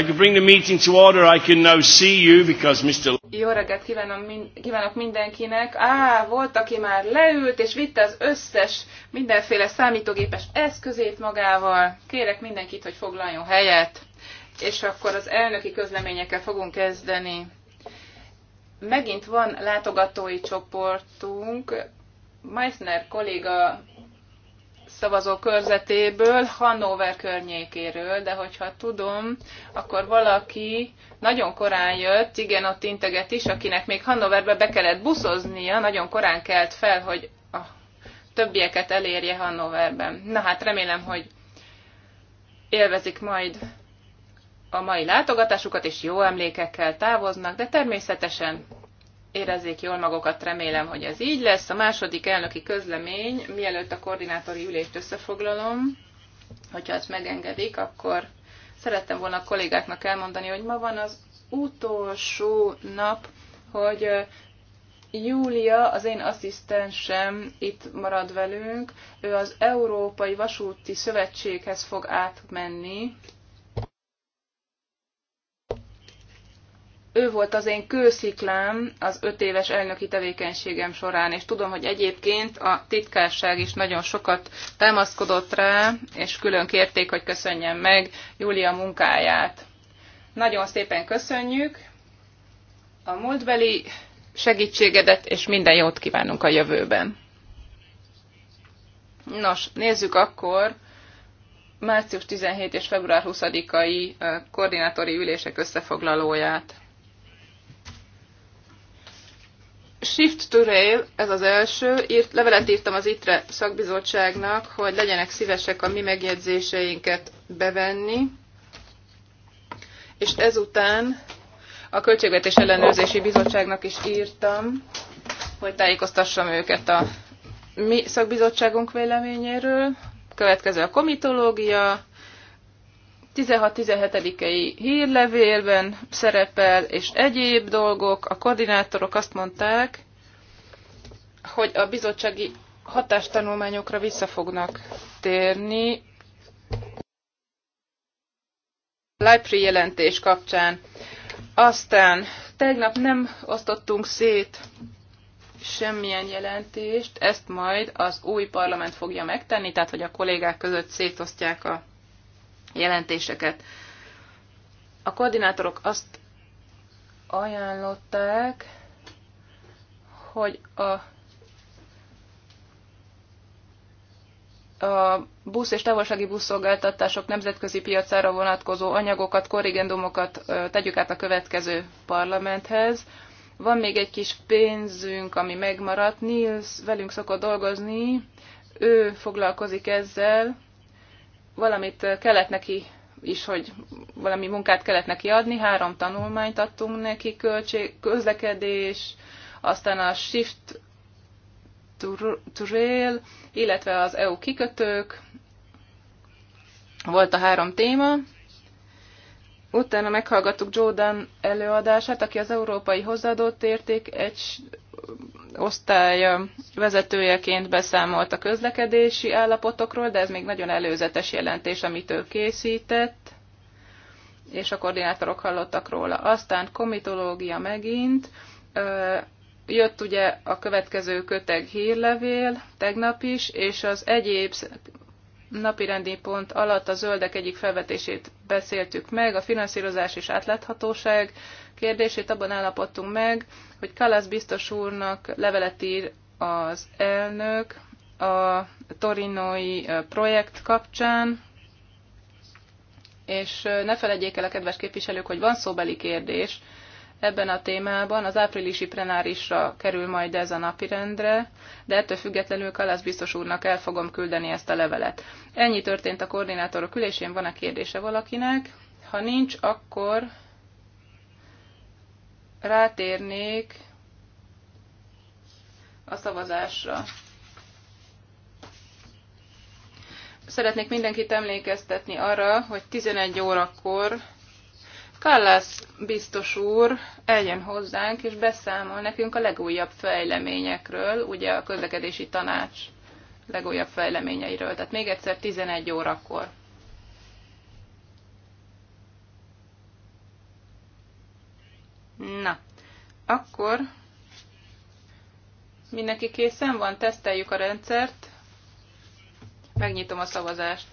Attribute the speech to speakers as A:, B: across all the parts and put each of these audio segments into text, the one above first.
A: I can bring the meeting to order, I can now see you because Mr.
B: Jó reggelt kívánom, min kívánok mindenkinek. Á, volt, aki már leült és vitte az összes mindenféle számítógépes eszközét magával. Kérek mindenkit, hogy foglaljon helyet. És akkor az elnöki közleményekkel fogunk kezdeni. Megint van látogatói csoportunk. Meissner kolléga szavazókörzetéből, Hannover környékéről, de hogyha tudom, akkor valaki nagyon korán jött, igen, ott integet is, akinek még Hannoverbe be kellett buszoznia, nagyon korán kelt fel, hogy a többieket elérje Hannoverben. Na hát remélem, hogy élvezik majd a mai látogatásukat, és jó emlékekkel távoznak, de természetesen érezzék jól magukat, remélem, hogy ez így lesz. A második elnöki közlemény, mielőtt a koordinátori ülést összefoglalom, hogyha ezt megengedik, akkor szerettem volna a kollégáknak elmondani, hogy ma van az utolsó nap, hogy Júlia, az én asszisztensem itt marad velünk, ő az Európai Vasúti Szövetséghez fog átmenni, ő volt az én kősziklám az öt éves elnöki tevékenységem során, és tudom, hogy egyébként a titkárság is nagyon sokat támaszkodott rá, és külön kérték, hogy köszönjem meg Júlia munkáját. Nagyon szépen köszönjük a múltbeli segítségedet, és minden jót kívánunk a jövőben. Nos, nézzük akkor március 17 és február 20-ai koordinátori ülések összefoglalóját. Shift to Rail, ez az első, írt, levelet írtam az ITRE szakbizottságnak, hogy legyenek szívesek a mi megjegyzéseinket bevenni, és ezután a Költségvetés Ellenőrzési Bizottságnak is írtam, hogy tájékoztassam őket a mi szakbizottságunk véleményéről. Következő a komitológia, 16-17-i hírlevélben szerepel, és egyéb dolgok, a koordinátorok azt mondták, hogy a bizottsági hatástanulmányokra vissza fognak térni. Leipri jelentés kapcsán. Aztán tegnap nem osztottunk szét semmilyen jelentést, ezt majd az új parlament fogja megtenni, tehát hogy a kollégák között szétosztják a jelentéseket. A koordinátorok azt ajánlották, hogy a a busz és távolsági buszszolgáltatások nemzetközi piacára vonatkozó anyagokat, korrigendumokat tegyük át a következő parlamenthez. Van még egy kis pénzünk, ami megmaradt. Nils velünk szokott dolgozni, ő foglalkozik ezzel, valamit kellett neki is, hogy valami munkát kellett neki adni, három tanulmányt adtunk neki, költség, közlekedés, aztán a Shift to Rail, illetve az EU kikötők, volt a három téma. Utána meghallgattuk Jordan előadását, aki az Európai Hozzáadott Érték egy osztály vezetőjeként beszámolt a közlekedési állapotokról, de ez még nagyon előzetes jelentés, amit ő készített, és a koordinátorok hallottak róla. Aztán komitológia megint, jött ugye a következő köteg hírlevél tegnap is, és az egyéb napirendi pont alatt a zöldek egyik felvetését beszéltük meg, a finanszírozás és átláthatóság kérdését abban állapodtunk meg, hogy Kalasz biztos úrnak levelet ír az elnök a torinói projekt kapcsán, és ne felejtjék el a kedves képviselők, hogy van szóbeli kérdés, ebben a témában. Az áprilisi plenárisra kerül majd ez a napirendre, de ettől függetlenül Kalász biztos úrnak el fogom küldeni ezt a levelet. Ennyi történt a koordinátorok ülésén, van a kérdése valakinek? Ha nincs, akkor rátérnék a szavazásra. Szeretnék mindenkit emlékeztetni arra, hogy 11 órakor Kallász biztos úr eljön hozzánk, és beszámol nekünk a legújabb fejleményekről, ugye a közlekedési tanács legújabb fejleményeiről. Tehát még egyszer 11 órakor. Na, akkor mindenki készen van, teszteljük a rendszert, megnyitom a szavazást.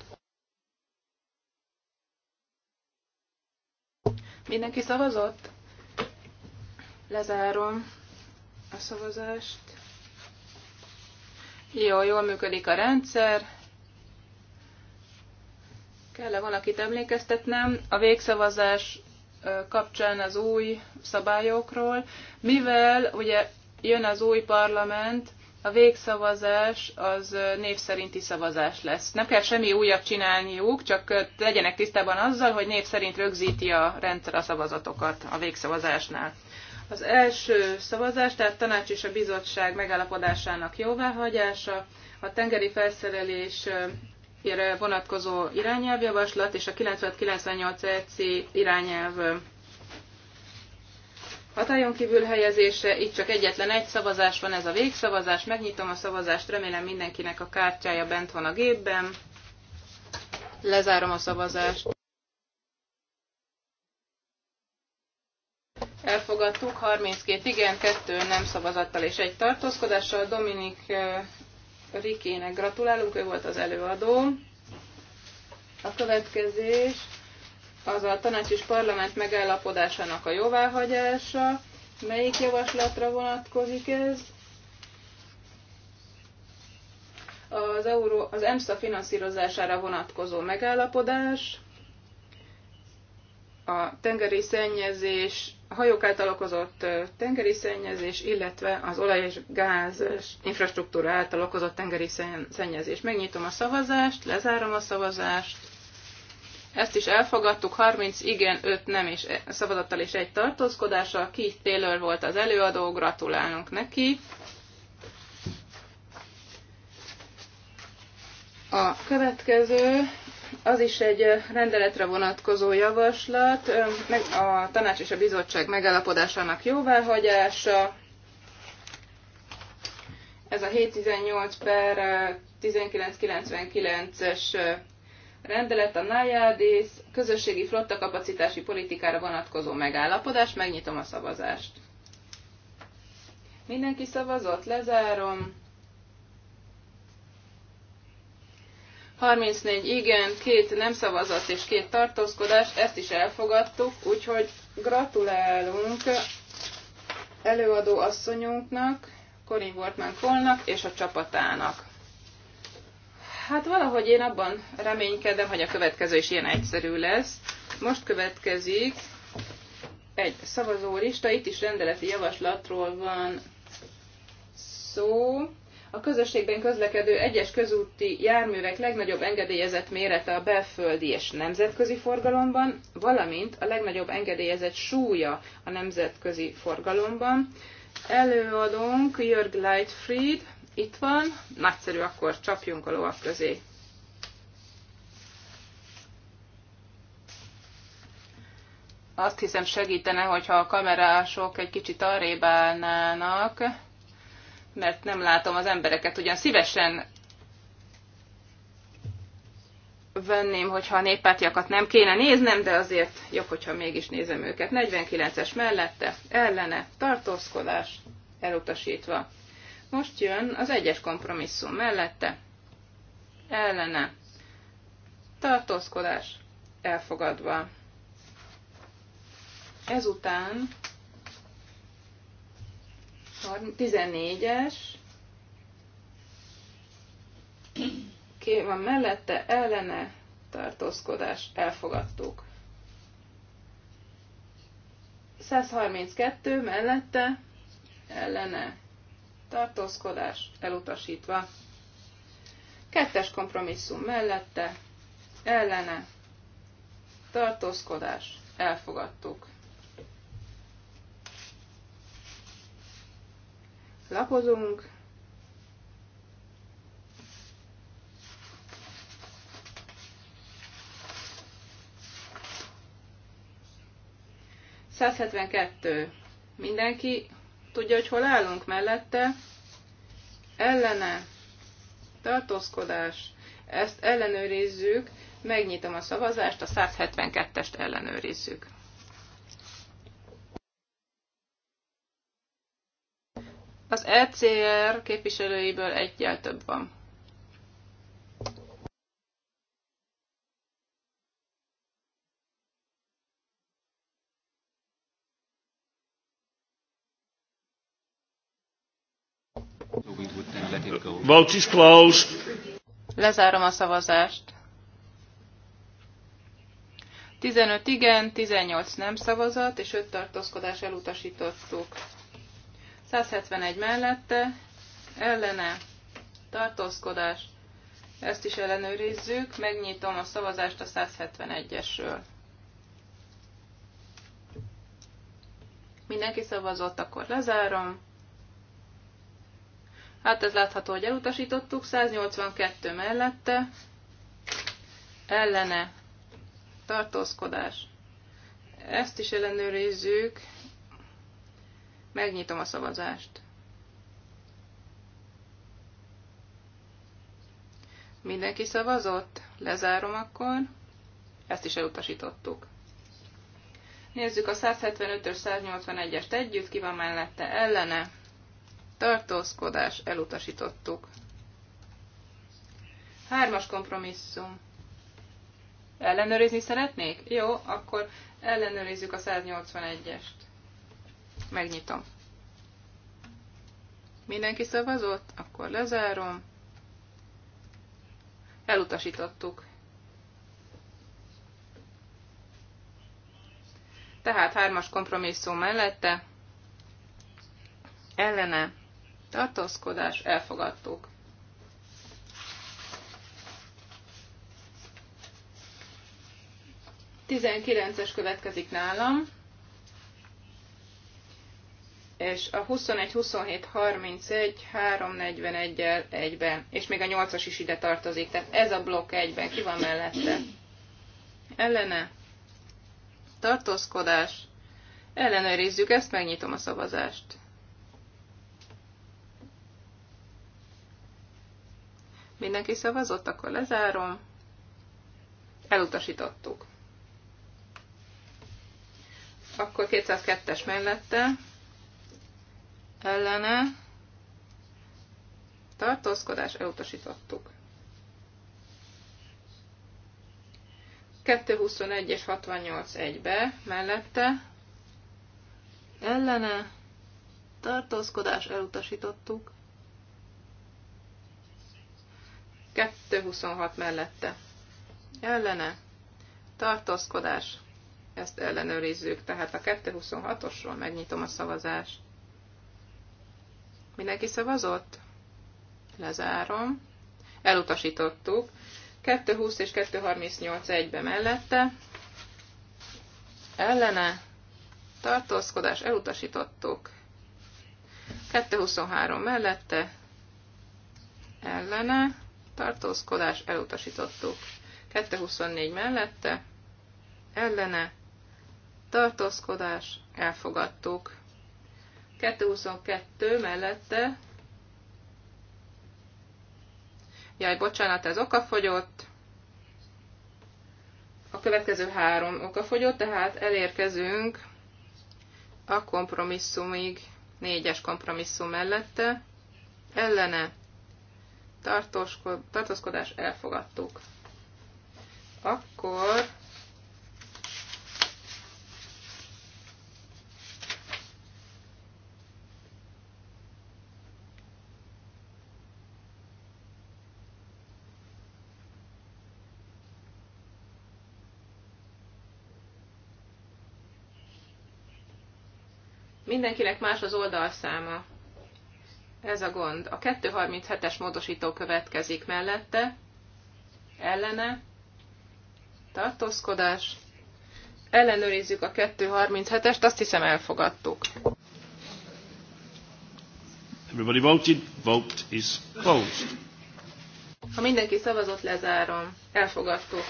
B: Mindenki szavazott? Lezárom a szavazást. Jó, jól működik a rendszer. Kell-e valakit emlékeztetnem? A végszavazás kapcsán az új szabályokról, mivel ugye jön az új parlament, a végszavazás az név szerinti szavazás lesz. Nem kell semmi újat csinálniuk, csak legyenek tisztában azzal, hogy név szerint rögzíti a rendszer a szavazatokat a végszavazásnál. Az első szavazás, tehát tanács és a bizottság megállapodásának jóváhagyása, a tengeri felszerelés vonatkozó irányelvjavaslat és a 998 EC irányelv hatályon kívül helyezése, Itt csak egyetlen egy szavazás van, ez a végszavazás. Megnyitom a szavazást, remélem mindenkinek a kártyája bent van a gépben. Lezárom a szavazást. Elfogadtuk 32 igen, 2 nem szavazattal és egy tartózkodással. Dominik eh, Rikének gratulálunk, ő volt az előadó. A következés az a tanács és parlament megállapodásának a jóváhagyása. Melyik javaslatra vonatkozik ez? Az, Euró, az EMSZA finanszírozására vonatkozó megállapodás, a tengeri szennyezés, a hajók által okozott tengeri szennyezés, illetve az olaj és gáz infrastruktúra által okozott tengeri szennyezés. Megnyitom a szavazást, lezárom a szavazást. Ezt is elfogadtuk, 30 igen, 5 nem és e- szavazattal és egy tartózkodása. Keith Taylor volt az előadó, gratulálunk neki.
C: A következő
B: az is egy rendeletre vonatkozó javaslat, a tanács és a bizottság megállapodásának jóváhagyása. Ez a 718 per 1999-es rendelet a NAJADIS közösségi flotta kapacitási politikára vonatkozó megállapodás. Megnyitom a szavazást. Mindenki szavazott, lezárom. 34 igen, két nem szavazat és két tartózkodás, ezt is elfogadtuk, úgyhogy gratulálunk előadó asszonyunknak, Corinne Wortman Kolnak és a csapatának. Hát valahogy én abban reménykedem, hogy a következő is ilyen egyszerű lesz. Most következik egy szavazólista, itt is rendeleti javaslatról van szó. A közösségben közlekedő egyes közúti járművek legnagyobb engedélyezett mérete a belföldi és nemzetközi forgalomban, valamint a legnagyobb engedélyezett súlya a nemzetközi forgalomban. Előadónk Jörg Leitfried, itt van, nagyszerű, akkor csapjunk a lovak közé. Azt hiszem segítene, hogyha a kamerások egy kicsit arrébb állnának, mert nem látom az embereket. Ugyan szívesen venném, hogyha a néppártiakat nem kéne néznem, de azért jobb, hogyha mégis nézem őket. 49-es mellette, ellene, tartózkodás, elutasítva. Most jön az egyes kompromisszum mellette. Ellene. Tartózkodás. Elfogadva. Ezután 14-es. Ké van mellette, ellene, tartózkodás, elfogadtuk. 132 mellette, ellene, tartózkodás elutasítva. Kettes kompromisszum mellette, ellene, tartózkodás elfogadtuk. Lapozunk. Százhetvenkettő. Mindenki Tudja, hogy hol állunk mellette? Ellene. Tartózkodás. Ezt ellenőrizzük. Megnyitom a szavazást, a 172-est ellenőrizzük. Az ECR képviselőiből egyel több van.
A: Vote is closed.
B: Lezárom a szavazást. 15 igen, 18 nem szavazat, és 5 tartózkodás elutasítottuk. 171 mellette, ellene, tartózkodás, ezt is ellenőrizzük, megnyitom a szavazást a 171-esről. Mindenki szavazott, akkor lezárom. Hát ez látható, hogy elutasítottuk. 182 mellette ellene tartózkodás. Ezt is ellenőrizzük. Megnyitom a szavazást. Mindenki szavazott? Lezárom akkor. Ezt is elutasítottuk. Nézzük a 175-ös, 181-est együtt, ki van mellette ellene tartózkodás, elutasítottuk. Hármas kompromisszum. Ellenőrizni szeretnék? Jó, akkor ellenőrizzük a 181-est. Megnyitom. Mindenki szavazott? Akkor lezárom. Elutasítottuk. Tehát hármas kompromisszum mellette ellene tartózkodás, elfogadtuk. Tizenkilences következik nálam, és a 21, 27, 31, 341 el egyben, és még a 8-as is ide tartozik, tehát ez a blokk egyben, ki van mellette? Ellene? Tartózkodás? Ellenőrizzük ezt, megnyitom a szavazást. Mindenki szavazott, akkor lezárom. Elutasítottuk. Akkor 202-es mellette ellene tartózkodás elutasítottuk. 221 és 68 egybe mellette ellene tartózkodás elutasítottuk. 226 mellette. Ellene. Tartózkodás. Ezt ellenőrizzük. Tehát a 226-osról megnyitom a szavazást. Mindenki szavazott? Lezárom. Elutasítottuk. 220 és 238 egybe mellette. Ellene. Tartózkodás. Elutasítottuk. 223 mellette. Ellene tartózkodás, elutasítottuk. 224 mellette, ellene, tartózkodás, elfogadtuk. 222 mellette, jaj, bocsánat, ez okafogyott, a következő három okafogyott, tehát elérkezünk a kompromisszumig, négyes kompromisszum mellette, ellene, tartózkodás elfogadtuk. Akkor mindenkinek más az oldalszáma. Ez a gond. A 237-es módosító következik mellette, ellene, tartózkodás, ellenőrizzük a 237-est, azt hiszem elfogadtuk.
A: Everybody voted, vote is closed.
B: Ha mindenki szavazott, lezárom. Elfogadtuk.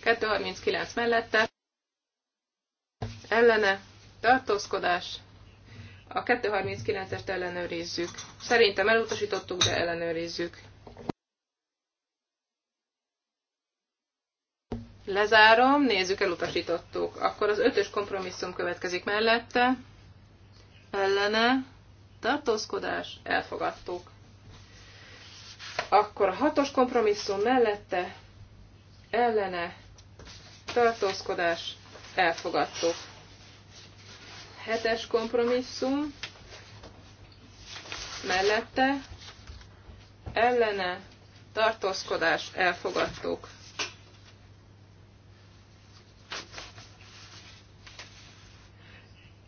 B: 239 mellette, ellene, tartózkodás, a 239-est ellenőrizzük. Szerintem elutasítottuk, de ellenőrizzük. Lezárom, nézzük, elutasítottuk. Akkor az ötös kompromisszum következik mellette. Ellene. Tartózkodás. Elfogadtuk. Akkor a hatos kompromisszum mellette. Ellene. Tartózkodás. Elfogadtuk. Hetes kompromisszum mellette ellene tartózkodás elfogadtuk.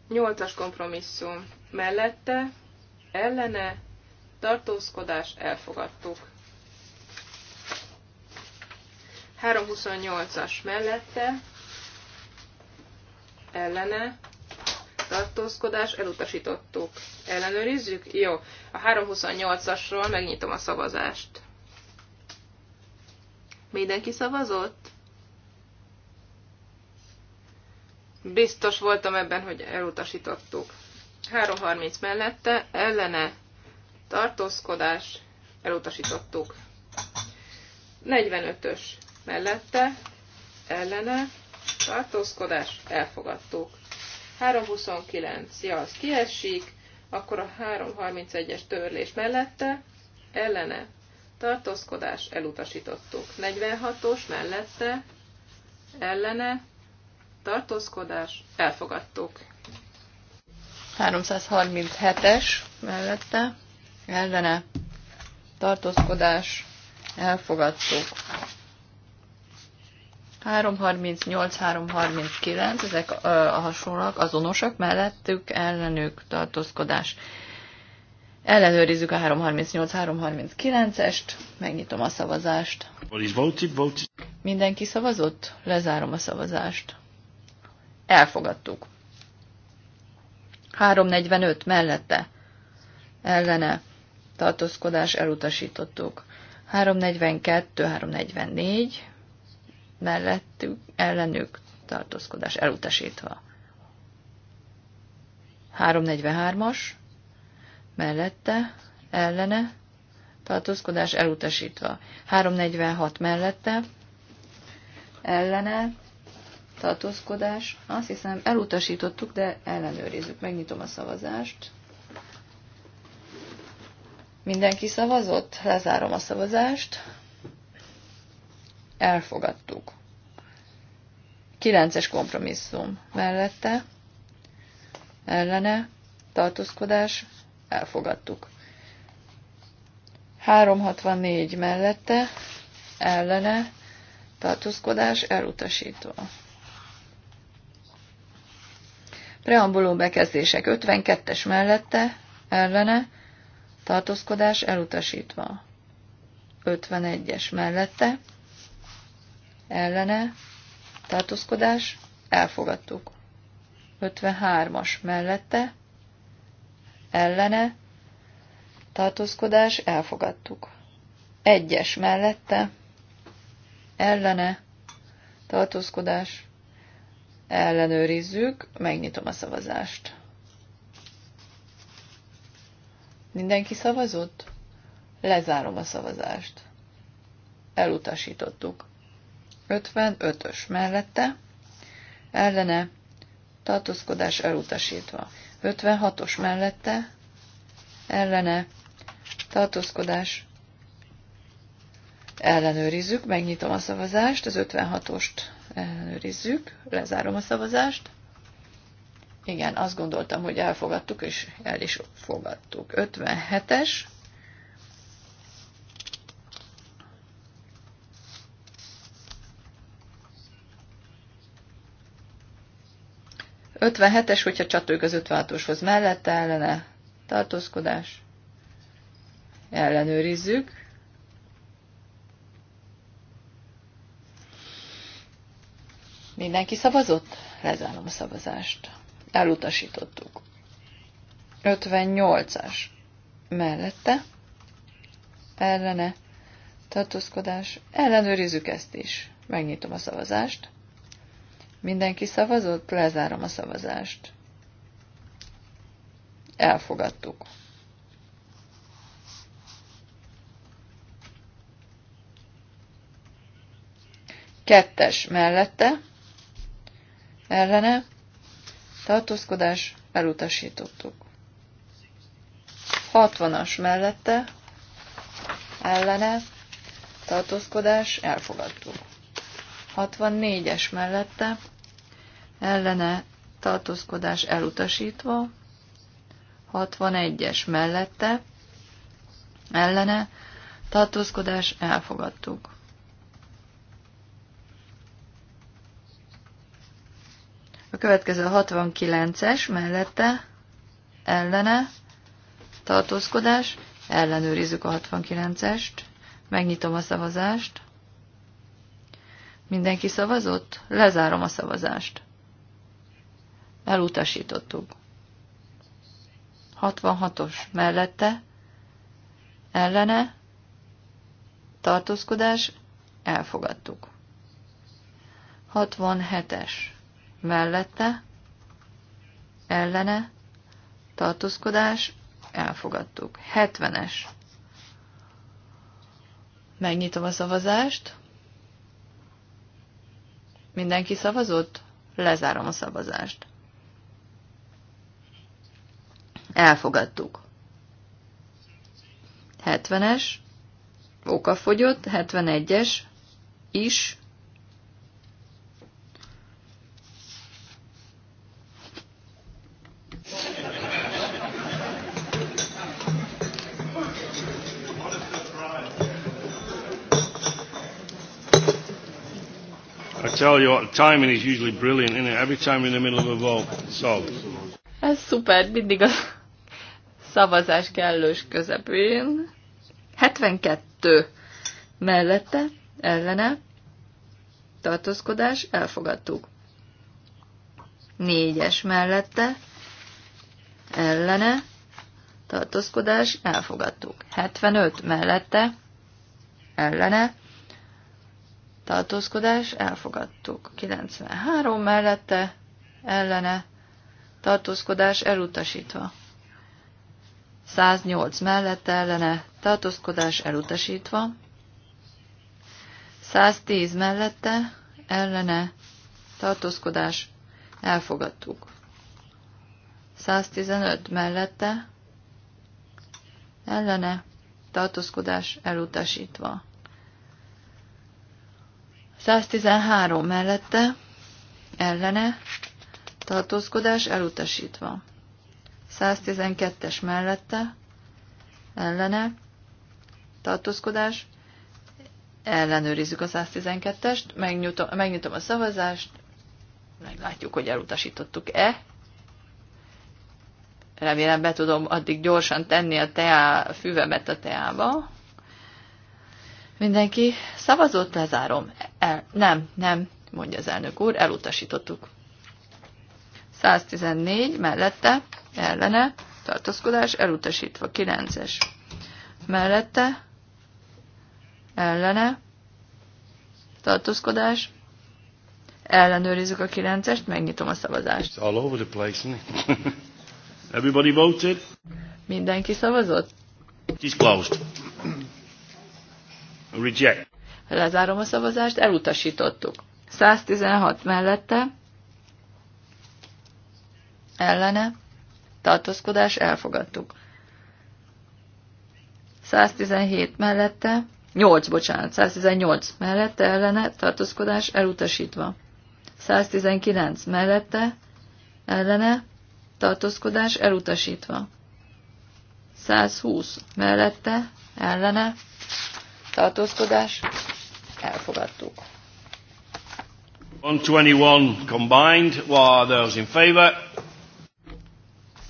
B: Nyolcas kompromisszum mellette ellene tartózkodás elfogadtuk. 328-as mellette ellene tartózkodás, elutasítottuk. Ellenőrizzük? Jó. A 328-asról megnyitom a szavazást. Mindenki szavazott? Biztos voltam ebben, hogy elutasítottuk. 3.30 mellette ellene tartózkodás, elutasítottuk. 45-ös mellette ellene tartózkodás, elfogadtuk. 329, ja, az kiesik, akkor a 331-es törlés mellette, ellene, tartózkodás, elutasítottuk. 46-os mellette, ellene, tartózkodás, elfogadtuk.
A: 337-es mellette, ellene, tartózkodás, elfogadtuk. 338, 339, ezek a hasonlók, azonosak, mellettük ellenük tartózkodás. Ellenőrizzük a 338-339-est, megnyitom a szavazást. Mindenki szavazott? Lezárom a szavazást. Elfogadtuk. 345 mellette. Ellene. Tartózkodás elutasítottuk. 342, 344 mellettük, ellenük tartózkodás elutasítva. 343-as, mellette, ellene, tartózkodás elutasítva. 346 mellette, ellene, tartózkodás. Azt hiszem elutasítottuk, de ellenőrizzük. Megnyitom a szavazást. Mindenki szavazott? Lezárom a szavazást elfogadtuk. Kilences kompromisszum mellette, ellene, tartózkodás, elfogadtuk. 364 mellette, ellene, tartózkodás, elutasítva. Preambuló bekezdések 52-es mellette, ellene, tartózkodás elutasítva. 51-es mellette, ellene, tartózkodás, elfogadtuk. 53-as mellette, ellene, tartózkodás, elfogadtuk. 1-es mellette, ellene, tartózkodás, ellenőrizzük, megnyitom a szavazást. Mindenki szavazott? Lezárom a szavazást. Elutasítottuk. 55-ös mellette, ellene tartózkodás elutasítva. 56-os mellette, ellene tartózkodás ellenőrizzük, megnyitom a szavazást, az 56-ost ellenőrizzük, lezárom a szavazást. Igen, azt gondoltam, hogy elfogadtuk, és el is fogadtuk. 57-es 57-es, hogyha csatők az 56-oshoz mellette ellene tartózkodás. Ellenőrizzük. Mindenki szavazott? Lezárom a szavazást. Elutasítottuk. 58-as mellette ellene tartózkodás. Ellenőrizzük ezt is. Megnyitom a szavazást. Mindenki szavazott? Lezárom a szavazást. Elfogadtuk. Kettes mellette, ellene, tartózkodás, elutasítottuk. Hatvanas mellette, ellene, tartózkodás, elfogadtuk. 64-es mellette, ellene tartózkodás elutasítva, 61-es mellette, ellene tartózkodás elfogadtuk. A következő 69-es mellette, ellene tartózkodás, ellenőrizzük a 69-est, megnyitom a szavazást. Mindenki szavazott? Lezárom a szavazást elutasítottuk. 66-os mellette, ellene, tartózkodás, elfogadtuk. 67-es mellette, ellene, tartózkodás, elfogadtuk. 70-es. Megnyitom a szavazást. Mindenki szavazott? Lezárom a szavazást. Elfogadtuk. 70-es, okafogyott, 71-es, is.
B: I tell you what, timing is
C: usually brilliant, isn't it? Every time in the middle of a vote. So.
A: Ez szuper, mindig az szavazás kellős közepén. 72 mellette, ellene, tartózkodás, elfogadtuk. 4-es mellette, ellene, tartózkodás, elfogadtuk. 75 mellette, ellene, tartózkodás, elfogadtuk. 93 mellette, ellene, tartózkodás elutasítva. 108 mellette ellene tartózkodás elutasítva, 110 mellette ellene tartózkodás elfogadtuk. 115 mellette ellene tartózkodás elutasítva. 113 mellette ellene tartózkodás elutasítva. 112-es mellette, ellene, tartózkodás, ellenőrizzük a 112-est, megnyitom, megnyitom a szavazást, meglátjuk, hogy elutasítottuk-e. Remélem be tudom addig gyorsan tenni a teá, a füvemet a teába. Mindenki szavazott, lezárom. El, nem, nem, mondja az elnök úr, elutasítottuk. 114 mellette ellene, tartózkodás elutasítva, 9-es mellette, ellene, tartózkodás, ellenőrizzük a 9-est, megnyitom a szavazást.
C: It's all over the place, isn't it? Everybody voted?
A: Mindenki szavazott?
C: It's closed.
A: Reject. Lezárom a szavazást, elutasítottuk. 116 mellette, ellene, tartózkodás elfogadtuk. 117 mellette, 8, bocsánat, 118 mellette ellene tartózkodás elutasítva. 119 mellette ellene tartózkodás elutasítva. 120 mellette ellene tartózkodás elfogadtuk.
C: 121 combined, while those in favor.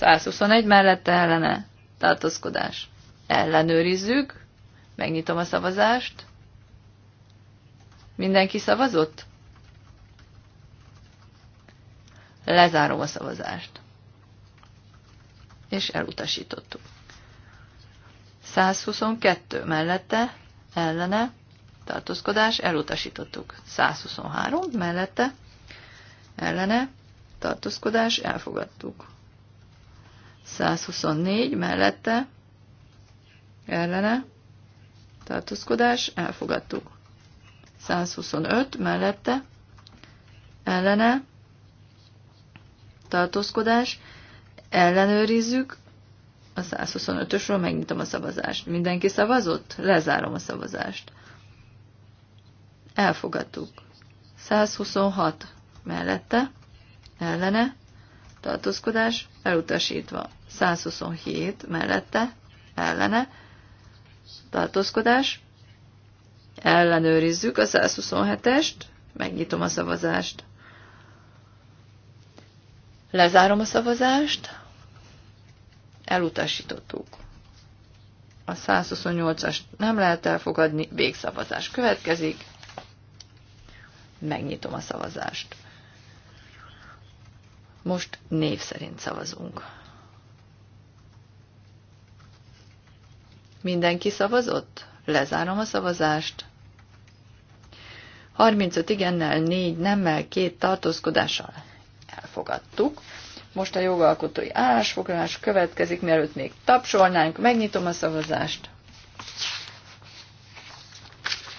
A: 121 mellette ellene tartózkodás. Ellenőrizzük. Megnyitom a szavazást. Mindenki szavazott? Lezárom a szavazást. És elutasítottuk. 122 mellette, ellene, tartózkodás, elutasítottuk. 123 mellette, ellene, tartózkodás, elfogadtuk. 124 mellette ellene tartózkodás elfogadtuk. 125 mellette ellene tartózkodás ellenőrizzük. A 125-ösről megnyitom a szavazást. Mindenki szavazott? Lezárom a szavazást. Elfogadtuk. 126 mellette ellene tartózkodás elutasítva. 127 mellette, ellene, tartózkodás, ellenőrizzük a 127-est, megnyitom a szavazást. Lezárom a szavazást, elutasítottuk. A 128-as nem lehet elfogadni, végszavazás következik, megnyitom a szavazást. Most név szerint szavazunk. Mindenki szavazott? Lezárom a szavazást. 35 igennel, 4 nemmel, 2 tartózkodással elfogadtuk. Most a jogalkotói állásfoglalás következik, mielőtt még tapsolnánk, megnyitom a szavazást.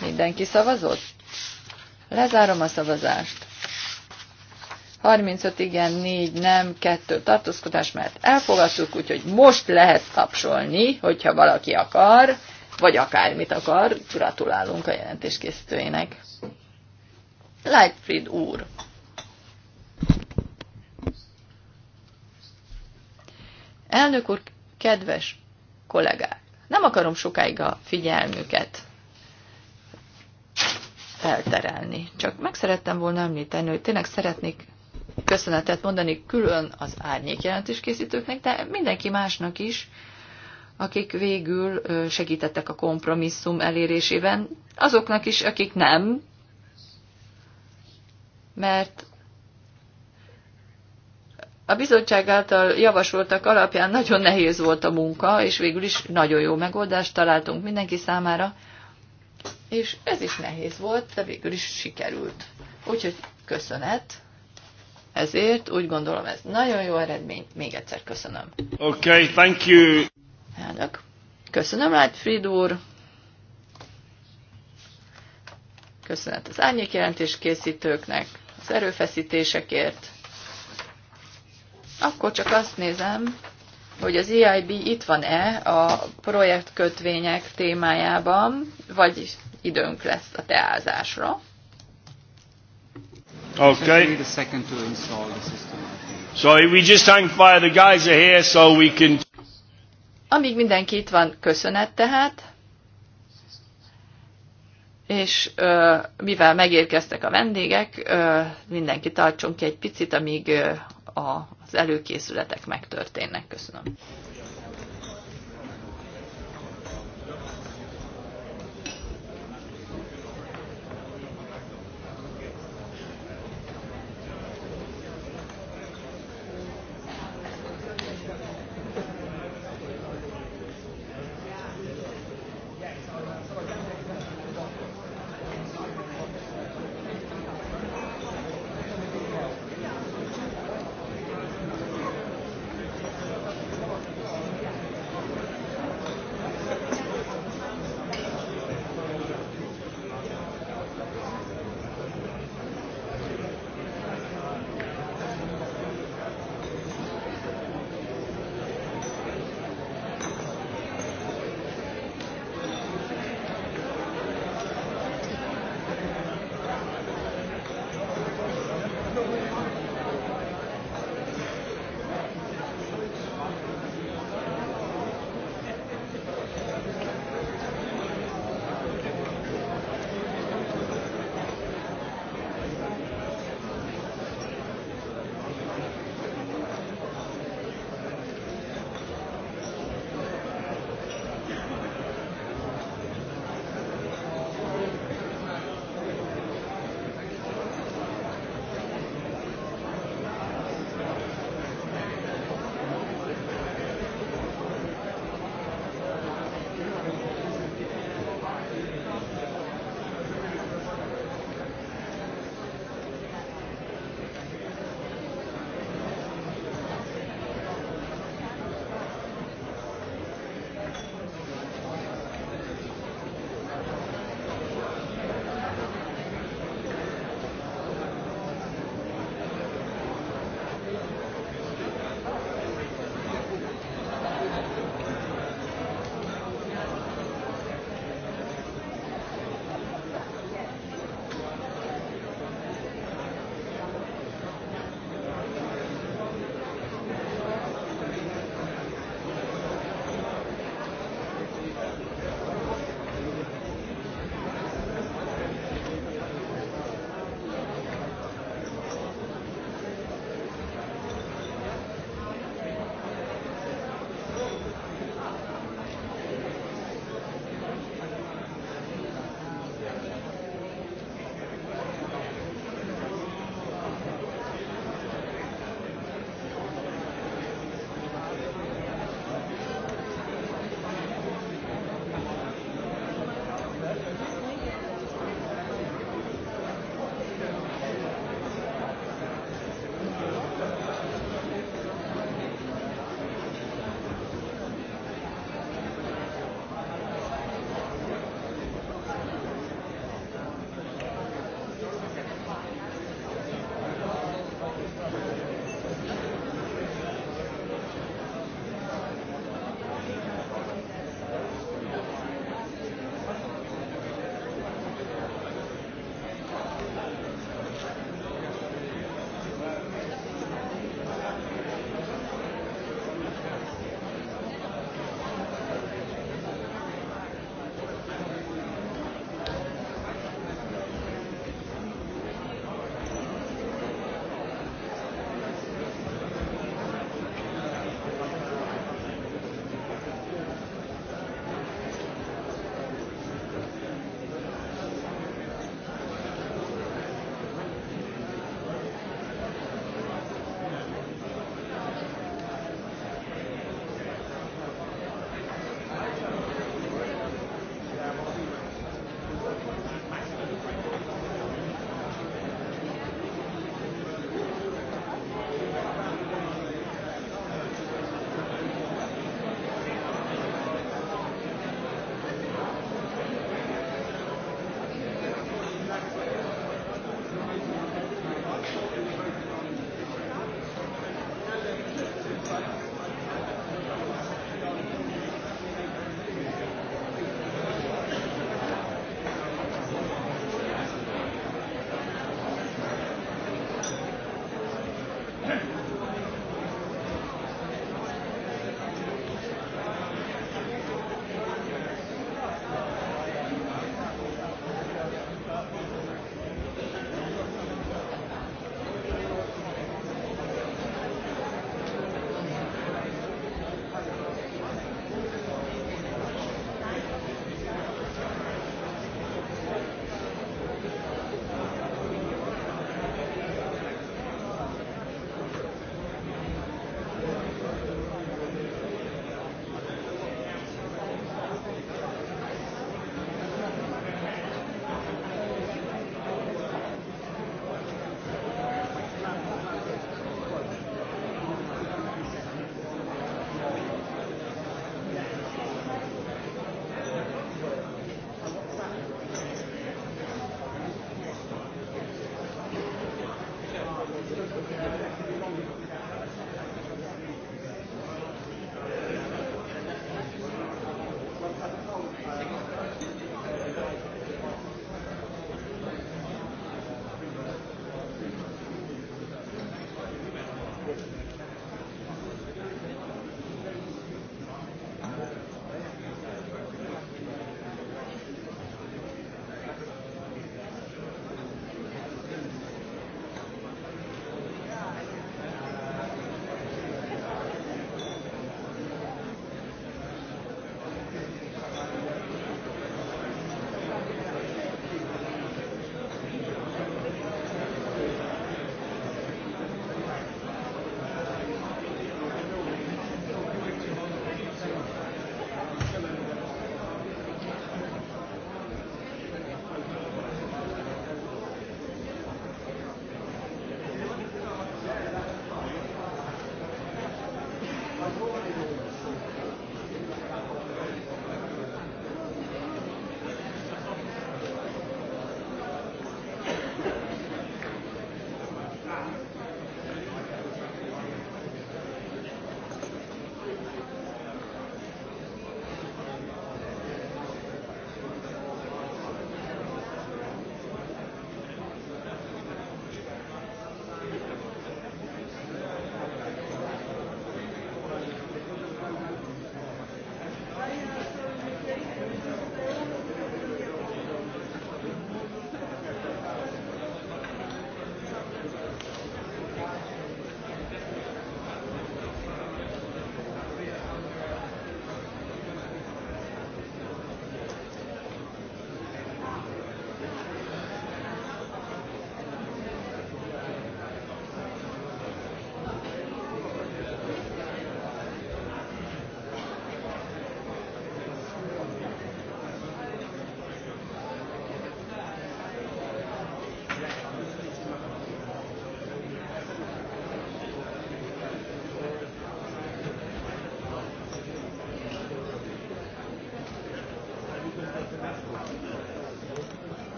A: Mindenki szavazott? Lezárom a szavazást. 35 igen, 4 nem, 2 tartózkodás, mert elfogadtuk, úgyhogy most lehet tapsolni, hogyha valaki akar, vagy akármit akar. Gratulálunk a jelentéskészítőjének. Lightfried úr. Elnök úr, kedves kollégák, nem akarom sokáig a figyelmüket elterelni. Csak meg szerettem volna említeni, hogy tényleg szeretnék köszönetet mondani külön az árnyék jelentéskészítőknek, de mindenki másnak is, akik végül segítettek a kompromisszum elérésében, azoknak is, akik nem, mert a bizottság által javasoltak alapján nagyon nehéz volt a munka, és végül is nagyon jó megoldást találtunk mindenki számára, és ez is nehéz volt, de végül is sikerült. Úgyhogy köszönet ezért úgy gondolom, ez nagyon jó eredmény. Még egyszer köszönöm. Oké, okay, thank you. Elnök. Köszönöm, Lightfried úr. Köszönet az jelentés készítőknek, az erőfeszítésekért. Akkor csak azt nézem, hogy az EIB itt van-e a projektkötvények témájában, vagy időnk lesz a teázásra.
C: Okay. The
A: second to install the system. So we just hang fire. The guys are here, so we can. Amíg mindenki itt van, köszönet tehát. És ö, mivel megérkeztek a vendégek, ö, mindenki tartson ki egy picit, amíg ö, a, az előkészületek megtörténnek. Köszönöm.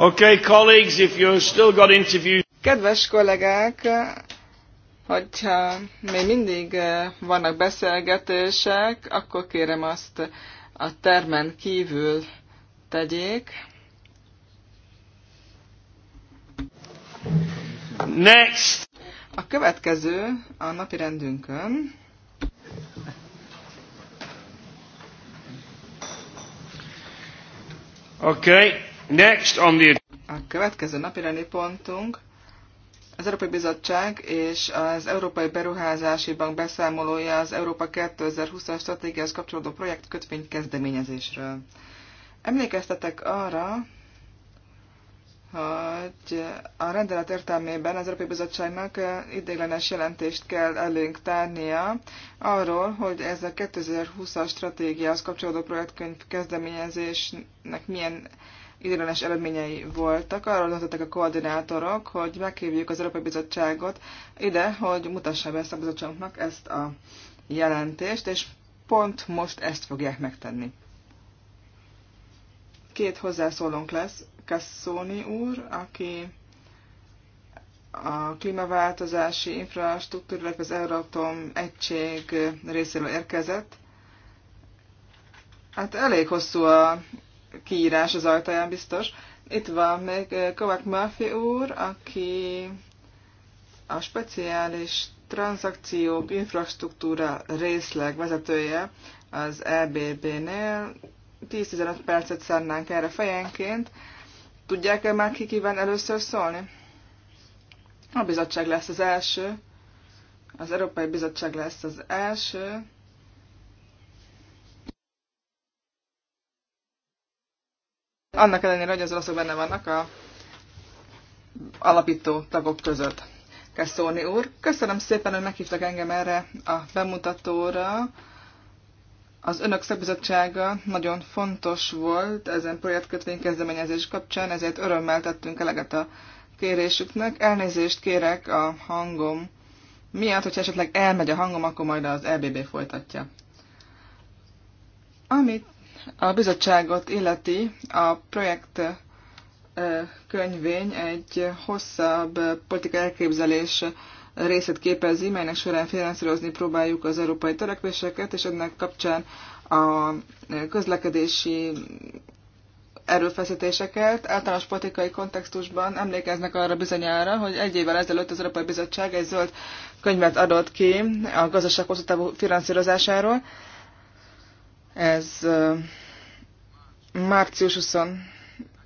C: Okay, colleagues, if you've still got interviews... Kedves kollégák, hogyha még mindig eh, vannak beszélgetések, akkor kérem azt a termen kívül tegyék. Next! A következő a napi rendünkön. Okay. Next on the... A következő napirendi pontunk az Európai Bizottság és az Európai Beruházási Bank beszámolója az Európa 2020-as stratégiához kapcsolódó projekt kötvény kezdeményezésről. Emlékeztetek arra, hogy a rendelet értelmében az Európai Bizottságnak idéglenes jelentést kell elénk tárnia arról, hogy ez a 2020-as stratégiához kapcsolódó projektkönyv kezdeményezésnek milyen ideiglenes eredményei voltak. Arról döntöttek a koordinátorok, hogy meghívjuk az Európai Bizottságot ide, hogy mutassa be ezt a bizottságunknak ezt a jelentést, és pont most ezt fogják megtenni. Két hozzászólónk lesz, Kasszóni úr, aki a klímaváltozási infrastruktúra, illetve az Euratom egység részéről érkezett. Hát elég hosszú a kiírás az ajtaján biztos. Itt van még Kovac Murphy úr, aki a speciális tranzakciók infrastruktúra részleg vezetője az EBB-nél. 10-15 percet szánnánk erre fejenként. Tudják-e már ki kíván először szólni? A bizottság lesz az első. Az Európai Bizottság lesz az első. annak ellenére, hogy az oroszok benne vannak a alapító tagok között. Keszóni úr, köszönöm szépen, hogy meghívtak engem erre a bemutatóra. Az önök szakbizottsága nagyon fontos volt ezen projektkötvény kezdeményezés kapcsán, ezért örömmel tettünk eleget a kérésüknek. Elnézést kérek a hangom miatt, hogyha esetleg elmegy a hangom, akkor majd az EBB folytatja. Amit a bizottságot illeti a projekt könyvény egy hosszabb politikai elképzelés részét képezi, melynek során finanszírozni próbáljuk az európai törekvéseket, és ennek kapcsán a közlekedési erőfeszítéseket általános politikai kontextusban emlékeznek arra bizonyára, hogy egy évvel ezelőtt az Európai Bizottság egy zöld könyvet adott ki a gazdaság hosszú távú finanszírozásáról, ez március 20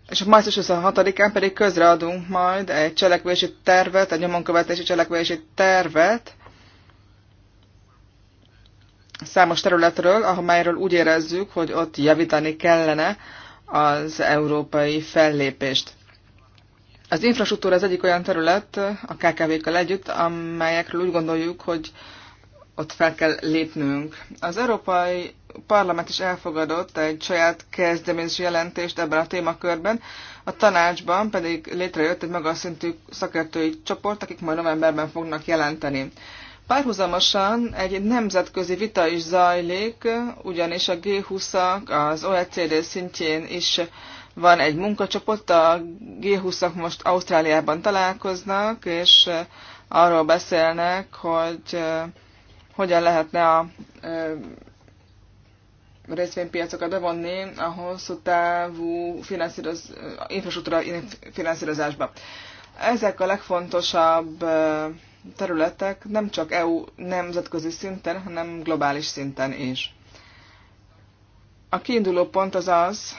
C: és március 26-án pedig közreadunk majd egy cselekvési tervet, egy nyomonkövetési cselekvési tervet számos területről, amelyről úgy érezzük, hogy ott javítani kellene az európai fellépést. Az infrastruktúra az egyik olyan terület a KKV-kkal együtt, amelyekről úgy gondoljuk, hogy ott fel kell lépnünk. Az Európai parlament is elfogadott egy saját kezdeményező jelentést ebben a témakörben, a tanácsban pedig létrejött egy magas szintű szakértői csoport, akik majd novemberben fognak jelenteni. Párhuzamosan egy nemzetközi vita is zajlik, ugyanis a G20-ak az OECD szintjén is van egy munkacsoport, a G20-ak most Ausztráliában találkoznak, és arról beszélnek, hogy hogyan lehetne a részvénypiacokat bevonni a hosszú távú finanszíroz, infrastruktúra finanszírozásba. Ezek a legfontosabb területek nem csak EU nemzetközi szinten, hanem globális szinten is. A kiinduló pont az az,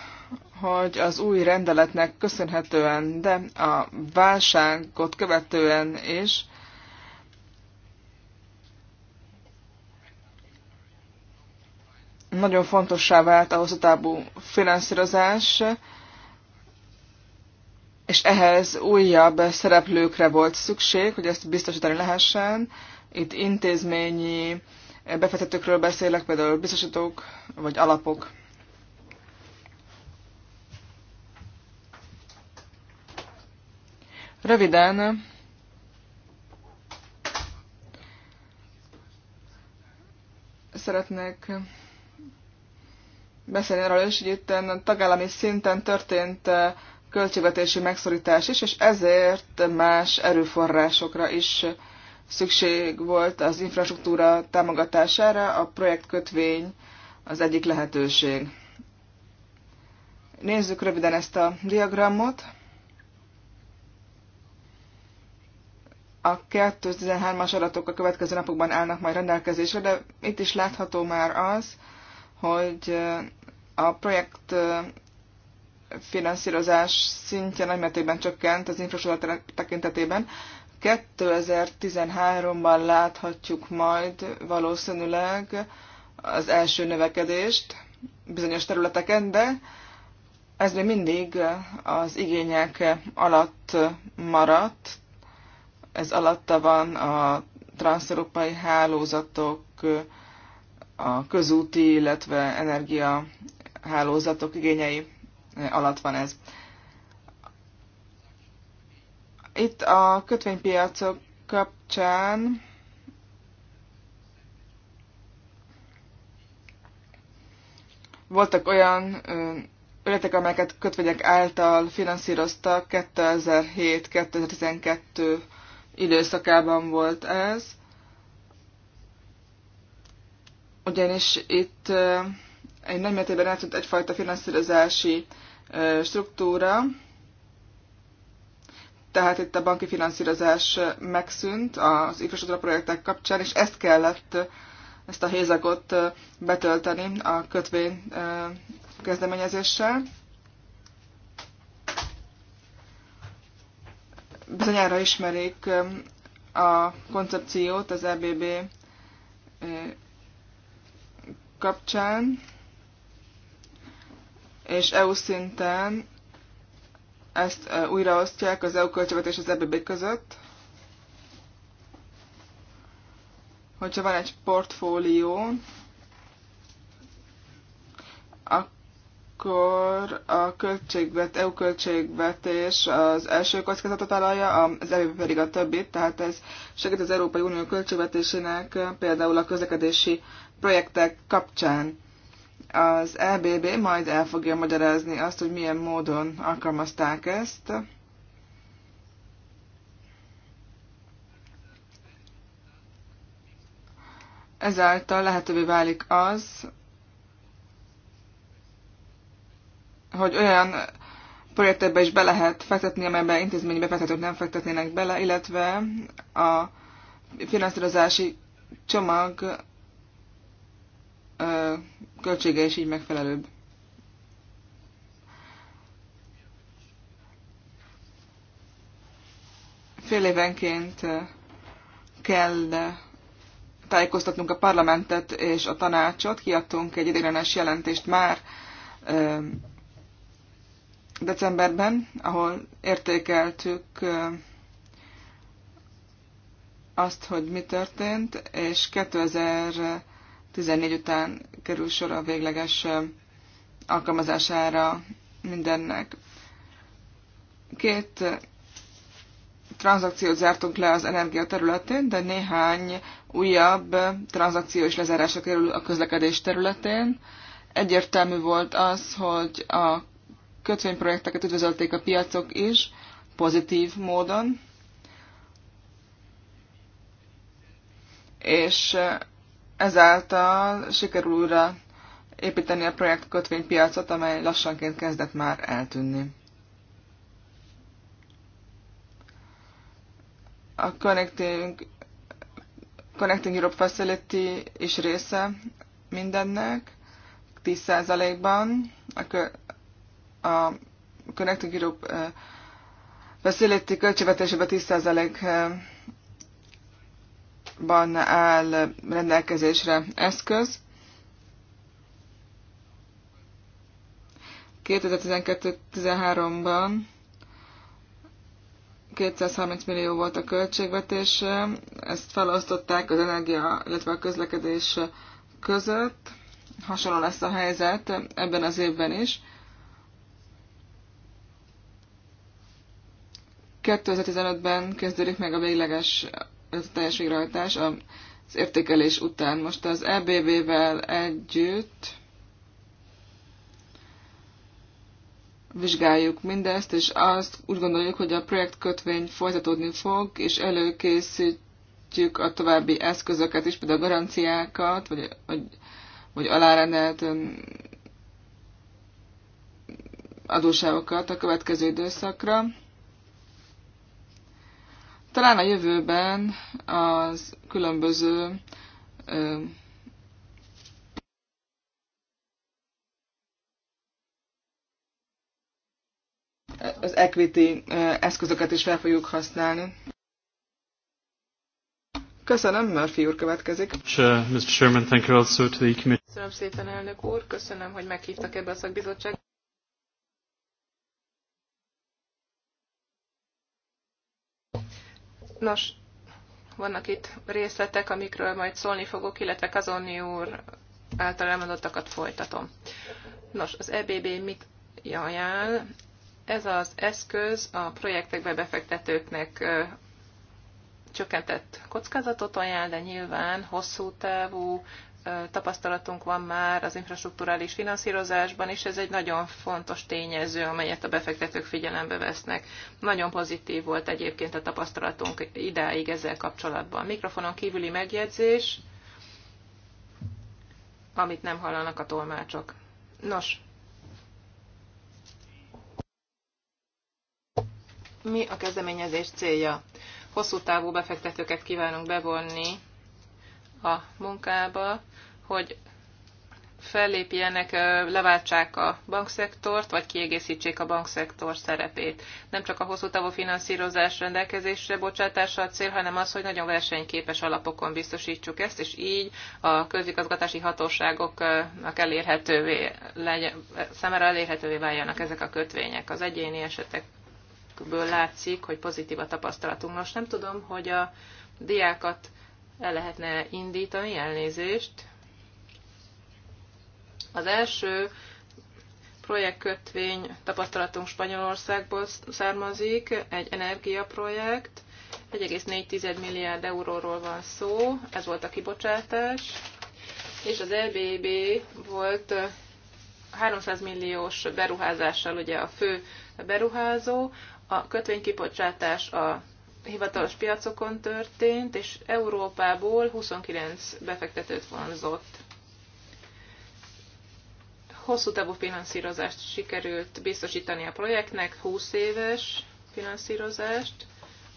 C: hogy az új rendeletnek köszönhetően, de a válságot követően is nagyon fontossá vált a hosszú finanszírozás, és ehhez újabb szereplőkre volt szükség, hogy ezt biztosítani lehessen. Itt intézményi befektetőkről beszélek, például biztosítók vagy alapok. Röviden, szeretnék beszélni arról is, hogy itt a tagállami szinten történt eh, költségvetési megszorítás is, és ezért más erőforrásokra is szükség volt az infrastruktúra támogatására, a projektkötvény az egyik lehetőség. Nézzük röviden ezt a diagramot. A 2013-as adatok a következő napokban állnak majd rendelkezésre, de itt is látható már az, hogy a projekt finanszírozás szintje nagymértékben csökkent az infrastruktúra tekintetében. 2013-ban láthatjuk majd valószínűleg az első növekedést bizonyos területeken, de ez még mindig az igények alatt maradt. Ez alatta van a transzeurópai hálózatok a közúti, illetve energiahálózatok igényei alatt van ez. Itt a kötvénypiacok kapcsán voltak olyan öletek, amelyeket kötvények által finanszíroztak, 2007-2012 időszakában volt ez ugyanis itt egy mértékben eltűnt egyfajta finanszírozási struktúra, tehát itt a banki finanszírozás megszűnt az infrastruktúra projektek kapcsán, és ezt kellett, ezt a hézagot betölteni a kötvény kezdeményezéssel. Bizonyára ismerik a koncepciót az EBB kapcsán, és EU szinten ezt e, újraosztják az EU költségvetés az EBB között. Hogyha van egy portfólió, akkor a költségvet, EU költségvetés az első kockázatot vállalja, az EBB pedig a többit, tehát ez segít az Európai Unió költségvetésének például a közlekedési projektek kapcsán. Az EBB majd el fogja magyarázni azt, hogy milyen módon alkalmazták ezt. Ezáltal lehetővé válik az, hogy olyan projektekbe is be lehet fektetni, amelyben intézményi befektetők nem fektetnének bele, illetve a finanszírozási csomag költsége is így megfelelőbb. Fél évenként kell tájékoztatnunk a parlamentet és a tanácsot. Kiadtunk egy idegenes jelentést már decemberben, ahol értékeltük azt, hogy mi történt, és 2000 14 után kerül sor a végleges alkalmazására mindennek. Két tranzakciót zártunk le az energia területén, de néhány újabb tranzakció is lezárása kerül a közlekedés területén. Egyértelmű volt az, hogy a kötvényprojekteket üdvözölték a piacok is pozitív módon, és Ezáltal sikerül újra építeni a projekt kötvénypiacot, amely lassanként kezdett már eltűnni. A Connecting, Connecting Europe Facility is része mindennek, 10%-ban. A, a Connecting Europe eh, Facility költségvetésében 10% ban áll rendelkezésre eszköz. 2012-13-ban 230 millió volt a költségvetés, ezt felosztották az energia, illetve a közlekedés között. Hasonló lesz a helyzet ebben az évben is. 2015-ben kezdődik meg a végleges ez a teljes végrehajtás az értékelés után. Most az EBB-vel együtt vizsgáljuk mindezt, és azt úgy gondoljuk, hogy a projektkötvény folytatódni fog, és előkészítjük a további eszközöket is, például a garanciákat, vagy, vagy, vagy alárendelt adóságokat a következő időszakra. Talán a jövőben az különböző az equity eszközöket is fel fogjuk használni. Köszönöm, Murphy úr következik. Mr.
A: Uh, Chairman, thank you also to the committee.
C: Köszönöm szépen, elnök úr, köszönöm, hogy meghívtak ebbe
B: a szakbizottságba. Nos, vannak itt részletek, amikről majd szólni fogok, illetve Kazonni úr által elmondottakat folytatom. Nos, az EBB mit ajánl? Ez az eszköz a projektekbe befektetőknek csökkentett kockázatot ajánl, de nyilván hosszú távú tapasztalatunk van már az infrastruktúrális finanszírozásban, és ez egy nagyon fontos tényező, amelyet a befektetők figyelembe vesznek. Nagyon pozitív volt egyébként a tapasztalatunk idáig ezzel kapcsolatban. Mikrofonon kívüli megjegyzés, amit nem hallanak a tolmácsok. Nos, mi a kezdeményezés célja? Hosszú távú befektetőket kívánunk bevonni a munkába, hogy fellépjenek, leváltsák a bankszektort, vagy kiegészítsék a bankszektor szerepét. Nem csak a hosszú távú finanszírozás rendelkezésre bocsátása a cél, hanem az, hogy nagyon versenyképes alapokon biztosítsuk ezt, és így a közigazgatási hatóságoknak elérhetővé legyen, számára elérhetővé váljanak ezek a kötvények. Az egyéni esetekből látszik, hogy pozitív a tapasztalatunk. Most nem tudom, hogy a diákat el lehetne indítani, elnézést, az első projektkötvény tapasztalatunk Spanyolországból származik, egy energiaprojekt, 1,4 milliárd euróról van szó, ez volt a kibocsátás, és az EBB volt 300 milliós beruházással ugye a fő beruházó, a kötvénykibocsátás a hivatalos piacokon történt, és Európából 29 befektetőt vonzott hosszú távú finanszírozást sikerült biztosítani a projektnek, 20 éves finanszírozást,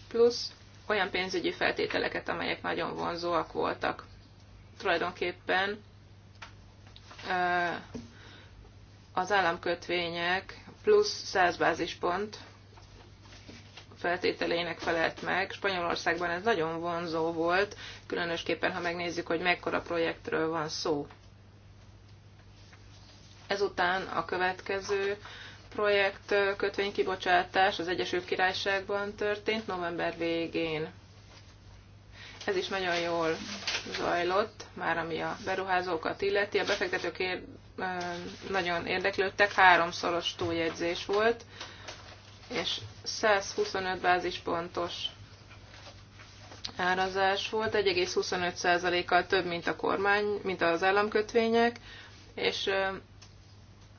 B: plusz olyan pénzügyi feltételeket, amelyek nagyon vonzóak voltak. Tulajdonképpen az államkötvények plusz 100 bázispont feltételeinek felelt meg. Spanyolországban ez nagyon vonzó volt, különösképpen ha megnézzük, hogy mekkora projektről van szó. Ezután a következő projekt kötvénykibocsátás az Egyesült Királyságban történt november végén. Ez is nagyon jól zajlott, már ami a beruházókat illeti. A befektetők ér, nagyon érdeklődtek, háromszoros túljegyzés volt, és 125 bázispontos árazás volt, 1,25%-kal több, mint a kormány, mint az államkötvények, és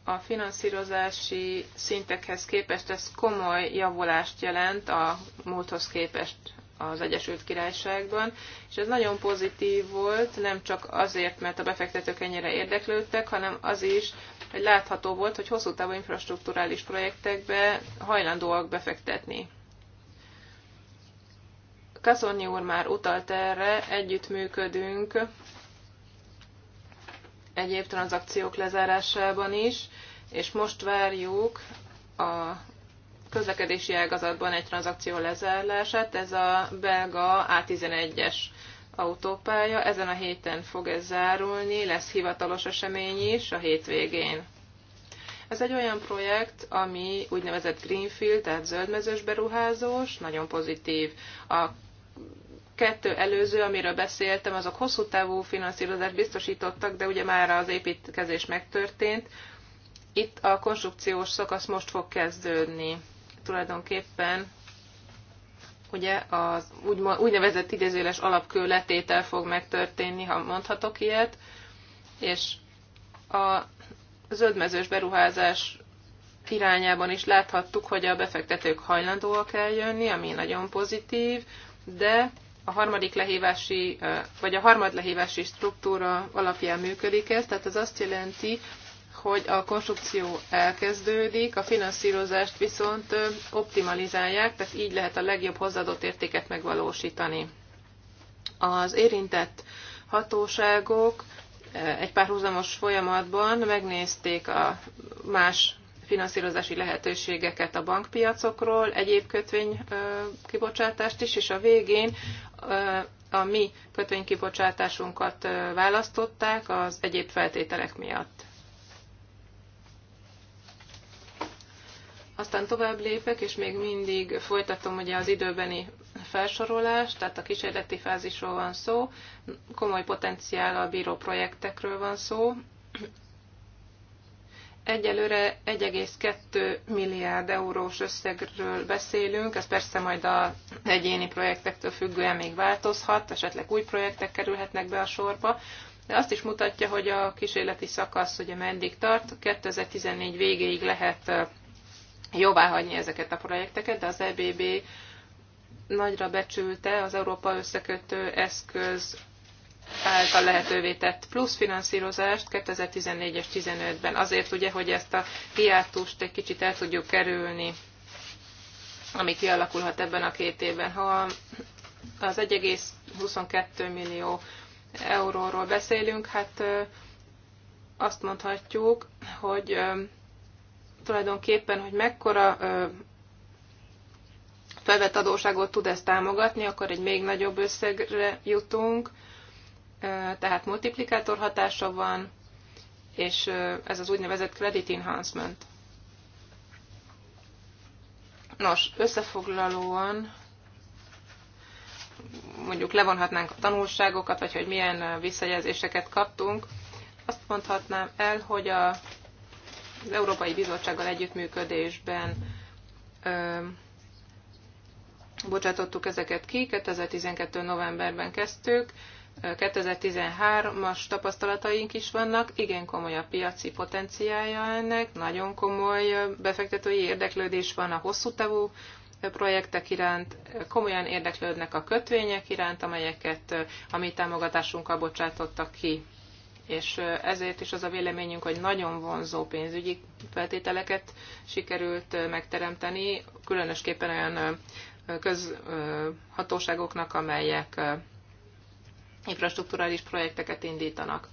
B: a finanszírozási szintekhez képest ez komoly javulást jelent a múlthoz képest az Egyesült Királyságban, és ez nagyon pozitív volt, nem csak azért, mert a befektetők ennyire érdeklődtek, hanem az is, hogy látható volt, hogy hosszú távú infrastruktúrális projektekbe hajlandóak befektetni. Kaszonyi úr már utalt erre, együttműködünk egyéb tranzakciók lezárásában is, és most várjuk a közlekedési ágazatban egy tranzakció lezárását, ez a belga A11-es autópálya, ezen a héten fog ez zárulni, lesz hivatalos esemény is a hétvégén. Ez egy olyan projekt, ami úgynevezett greenfield, tehát zöldmezős beruházós, nagyon pozitív. A kettő előző, amiről beszéltem, azok hosszú távú finanszírozást biztosítottak, de ugye már az építkezés megtörtént. Itt a konstrukciós szakasz most fog kezdődni. Tulajdonképpen ugye az úgy, úgynevezett idézőles alapkő letétel fog megtörténni, ha mondhatok ilyet, és a zöldmezős beruházás irányában is láthattuk, hogy a befektetők hajlandóak eljönni, ami nagyon pozitív, de a harmadik lehívási, vagy a harmad lehívási struktúra alapján működik ez, tehát ez azt jelenti, hogy a konstrukció elkezdődik, a finanszírozást viszont optimalizálják, tehát így lehet a legjobb hozzáadott értéket megvalósítani. Az érintett hatóságok egy párhuzamos folyamatban megnézték a más finanszírozási lehetőségeket a bankpiacokról, egyéb kötvény kibocsátást is, és a végén a mi kötvénykibocsátásunkat választották az egyéb feltételek miatt. Aztán tovább lépek, és még mindig folytatom ugye az időbeni felsorolást, tehát a kísérleti fázisról van szó, komoly potenciállal bíró projektekről van szó, Egyelőre 1,2 milliárd eurós összegről beszélünk, ez persze majd az egyéni projektektől függően még változhat, esetleg új projektek kerülhetnek be a sorba, de azt is mutatja, hogy a kísérleti szakasz ugye meddig tart, 2014 végéig lehet jóváhagyni ezeket a projekteket, de az EBB nagyra becsülte az Európa összekötő eszköz által lehetővé tett plusz finanszírozást 2014-es 15-ben, azért ugye, hogy ezt a hiátust egy kicsit el tudjuk kerülni, ami kialakulhat ebben a két évben. Ha az 1,22 millió euróról beszélünk, hát azt mondhatjuk, hogy tulajdonképpen, hogy mekkora felvett adóságot tud ezt támogatni, akkor egy még nagyobb összegre jutunk, tehát multiplikátor hatása van, és ez az úgynevezett credit enhancement. Nos, összefoglalóan mondjuk levonhatnánk a tanulságokat, vagy hogy milyen visszajelzéseket kaptunk, azt mondhatnám el, hogy a, az Európai Bizottsággal együttműködésben ö, bocsátottuk ezeket ki, 2012. novemberben kezdtük, 2013-as tapasztalataink is vannak, igen komoly a piaci potenciája ennek, nagyon komoly befektetői érdeklődés van a hosszú távú projektek iránt, komolyan érdeklődnek a kötvények iránt, amelyeket a mi támogatásunkkal bocsátottak ki. És ezért is az a véleményünk, hogy nagyon vonzó pénzügyi feltételeket sikerült megteremteni, különösképpen olyan közhatóságoknak, amelyek infrastruktúrális projekteket indítanak.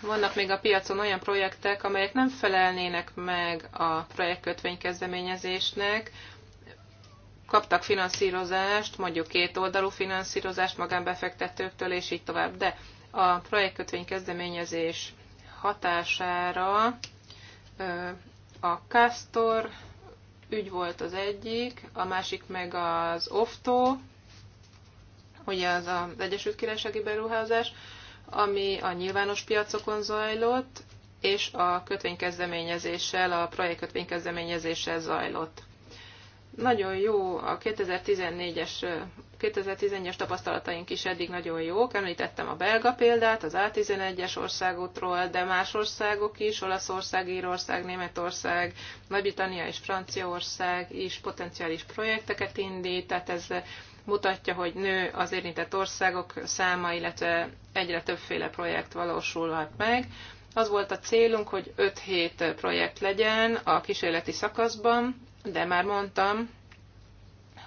B: Vannak még a piacon olyan projektek, amelyek nem felelnének meg a projektkötvény kezdeményezésnek, kaptak finanszírozást, mondjuk két oldalú finanszírozást magánbefektetőktől, és így tovább. De a projektkötvény kezdeményezés hatására a Castor ügy volt az egyik, a másik meg az Ofto ugye az az Egyesült Királysági Beruházás, ami a nyilvános piacokon zajlott, és a kötvénykezdeményezéssel, a projektkötvénykezdeményezéssel zajlott. Nagyon jó, a 2014-es 2011-es tapasztalataink is eddig nagyon jók. Említettem a belga példát, az A11-es országútról, de más országok is, Olaszország, Írország, Németország, Nagy-Britannia és Franciaország is potenciális projekteket indít, tehát ez mutatja, hogy nő az érintett országok száma, illetve egyre többféle projekt valósulhat meg. Az volt a célunk, hogy 5-7 projekt legyen a kísérleti szakaszban, de már mondtam,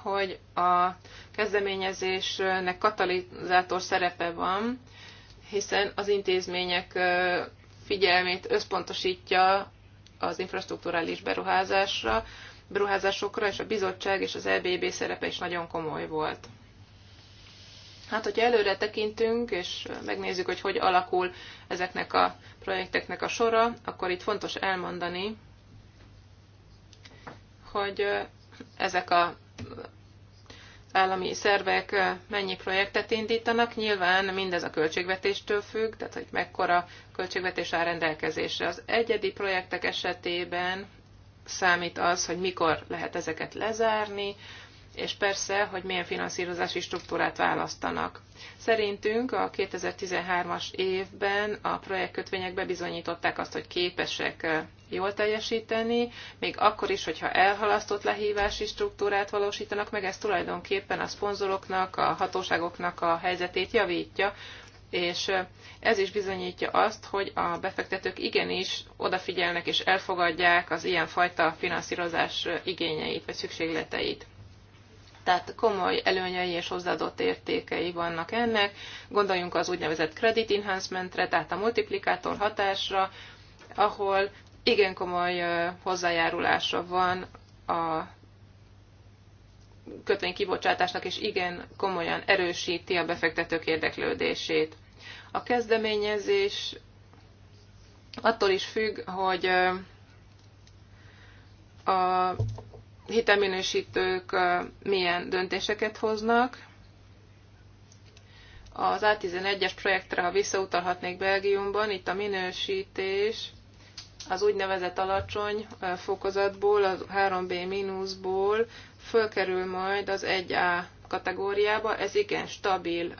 B: hogy a kezdeményezésnek katalizátor szerepe van, hiszen az intézmények figyelmét összpontosítja az infrastruktúrális beruházásra, beruházásokra, és a bizottság és az EBB szerepe is nagyon komoly volt. Hát, hogyha előre tekintünk, és megnézzük, hogy hogy alakul ezeknek a projekteknek a sora, akkor itt fontos elmondani, hogy ezek a állami szervek mennyi projektet indítanak. Nyilván mindez a költségvetéstől függ, tehát hogy mekkora költségvetés áll rendelkezésre. Az egyedi projektek esetében számít az, hogy mikor lehet ezeket lezárni, és persze, hogy milyen finanszírozási struktúrát választanak. Szerintünk a 2013-as évben a projektkötvények bebizonyították azt, hogy képesek eh, jól teljesíteni, még akkor is, hogyha elhalasztott lehívási struktúrát valósítanak meg, ez tulajdonképpen a szponzoroknak, a hatóságoknak a helyzetét javítja, és ez is bizonyítja azt, hogy a befektetők igenis odafigyelnek és elfogadják az ilyenfajta finanszírozás igényeit vagy szükségleteit. Tehát komoly előnyei és hozzáadott értékei vannak ennek. Gondoljunk az úgynevezett credit enhancementre, tehát a multiplikátor hatásra, ahol igen komoly hozzájárulása van a kötvénykibocsátásnak is igen komolyan erősíti a befektetők érdeklődését. A kezdeményezés attól is függ, hogy a hitelminősítők milyen döntéseket hoznak. Az A11-es projektre, ha visszautalhatnék Belgiumban, itt a minősítés az úgynevezett alacsony fokozatból, az 3B ból fölkerül majd az 1A kategóriába, ez igen stabil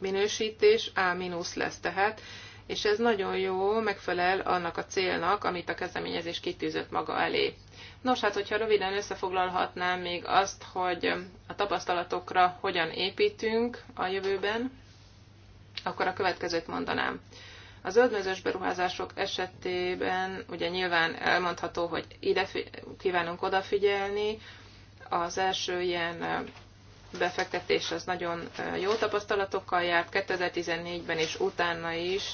B: minősítés, A- lesz tehát, és ez nagyon jó, megfelel annak a célnak, amit a kezdeményezés kitűzött maga elé. Nos, hát hogyha röviden összefoglalhatnám még azt, hogy a tapasztalatokra hogyan építünk a jövőben, akkor a következőt mondanám. A zöldmezős beruházások esetében ugye nyilván elmondható, hogy ide kívánunk odafigyelni. Az első ilyen befektetés az nagyon jó tapasztalatokkal járt 2014-ben és utána is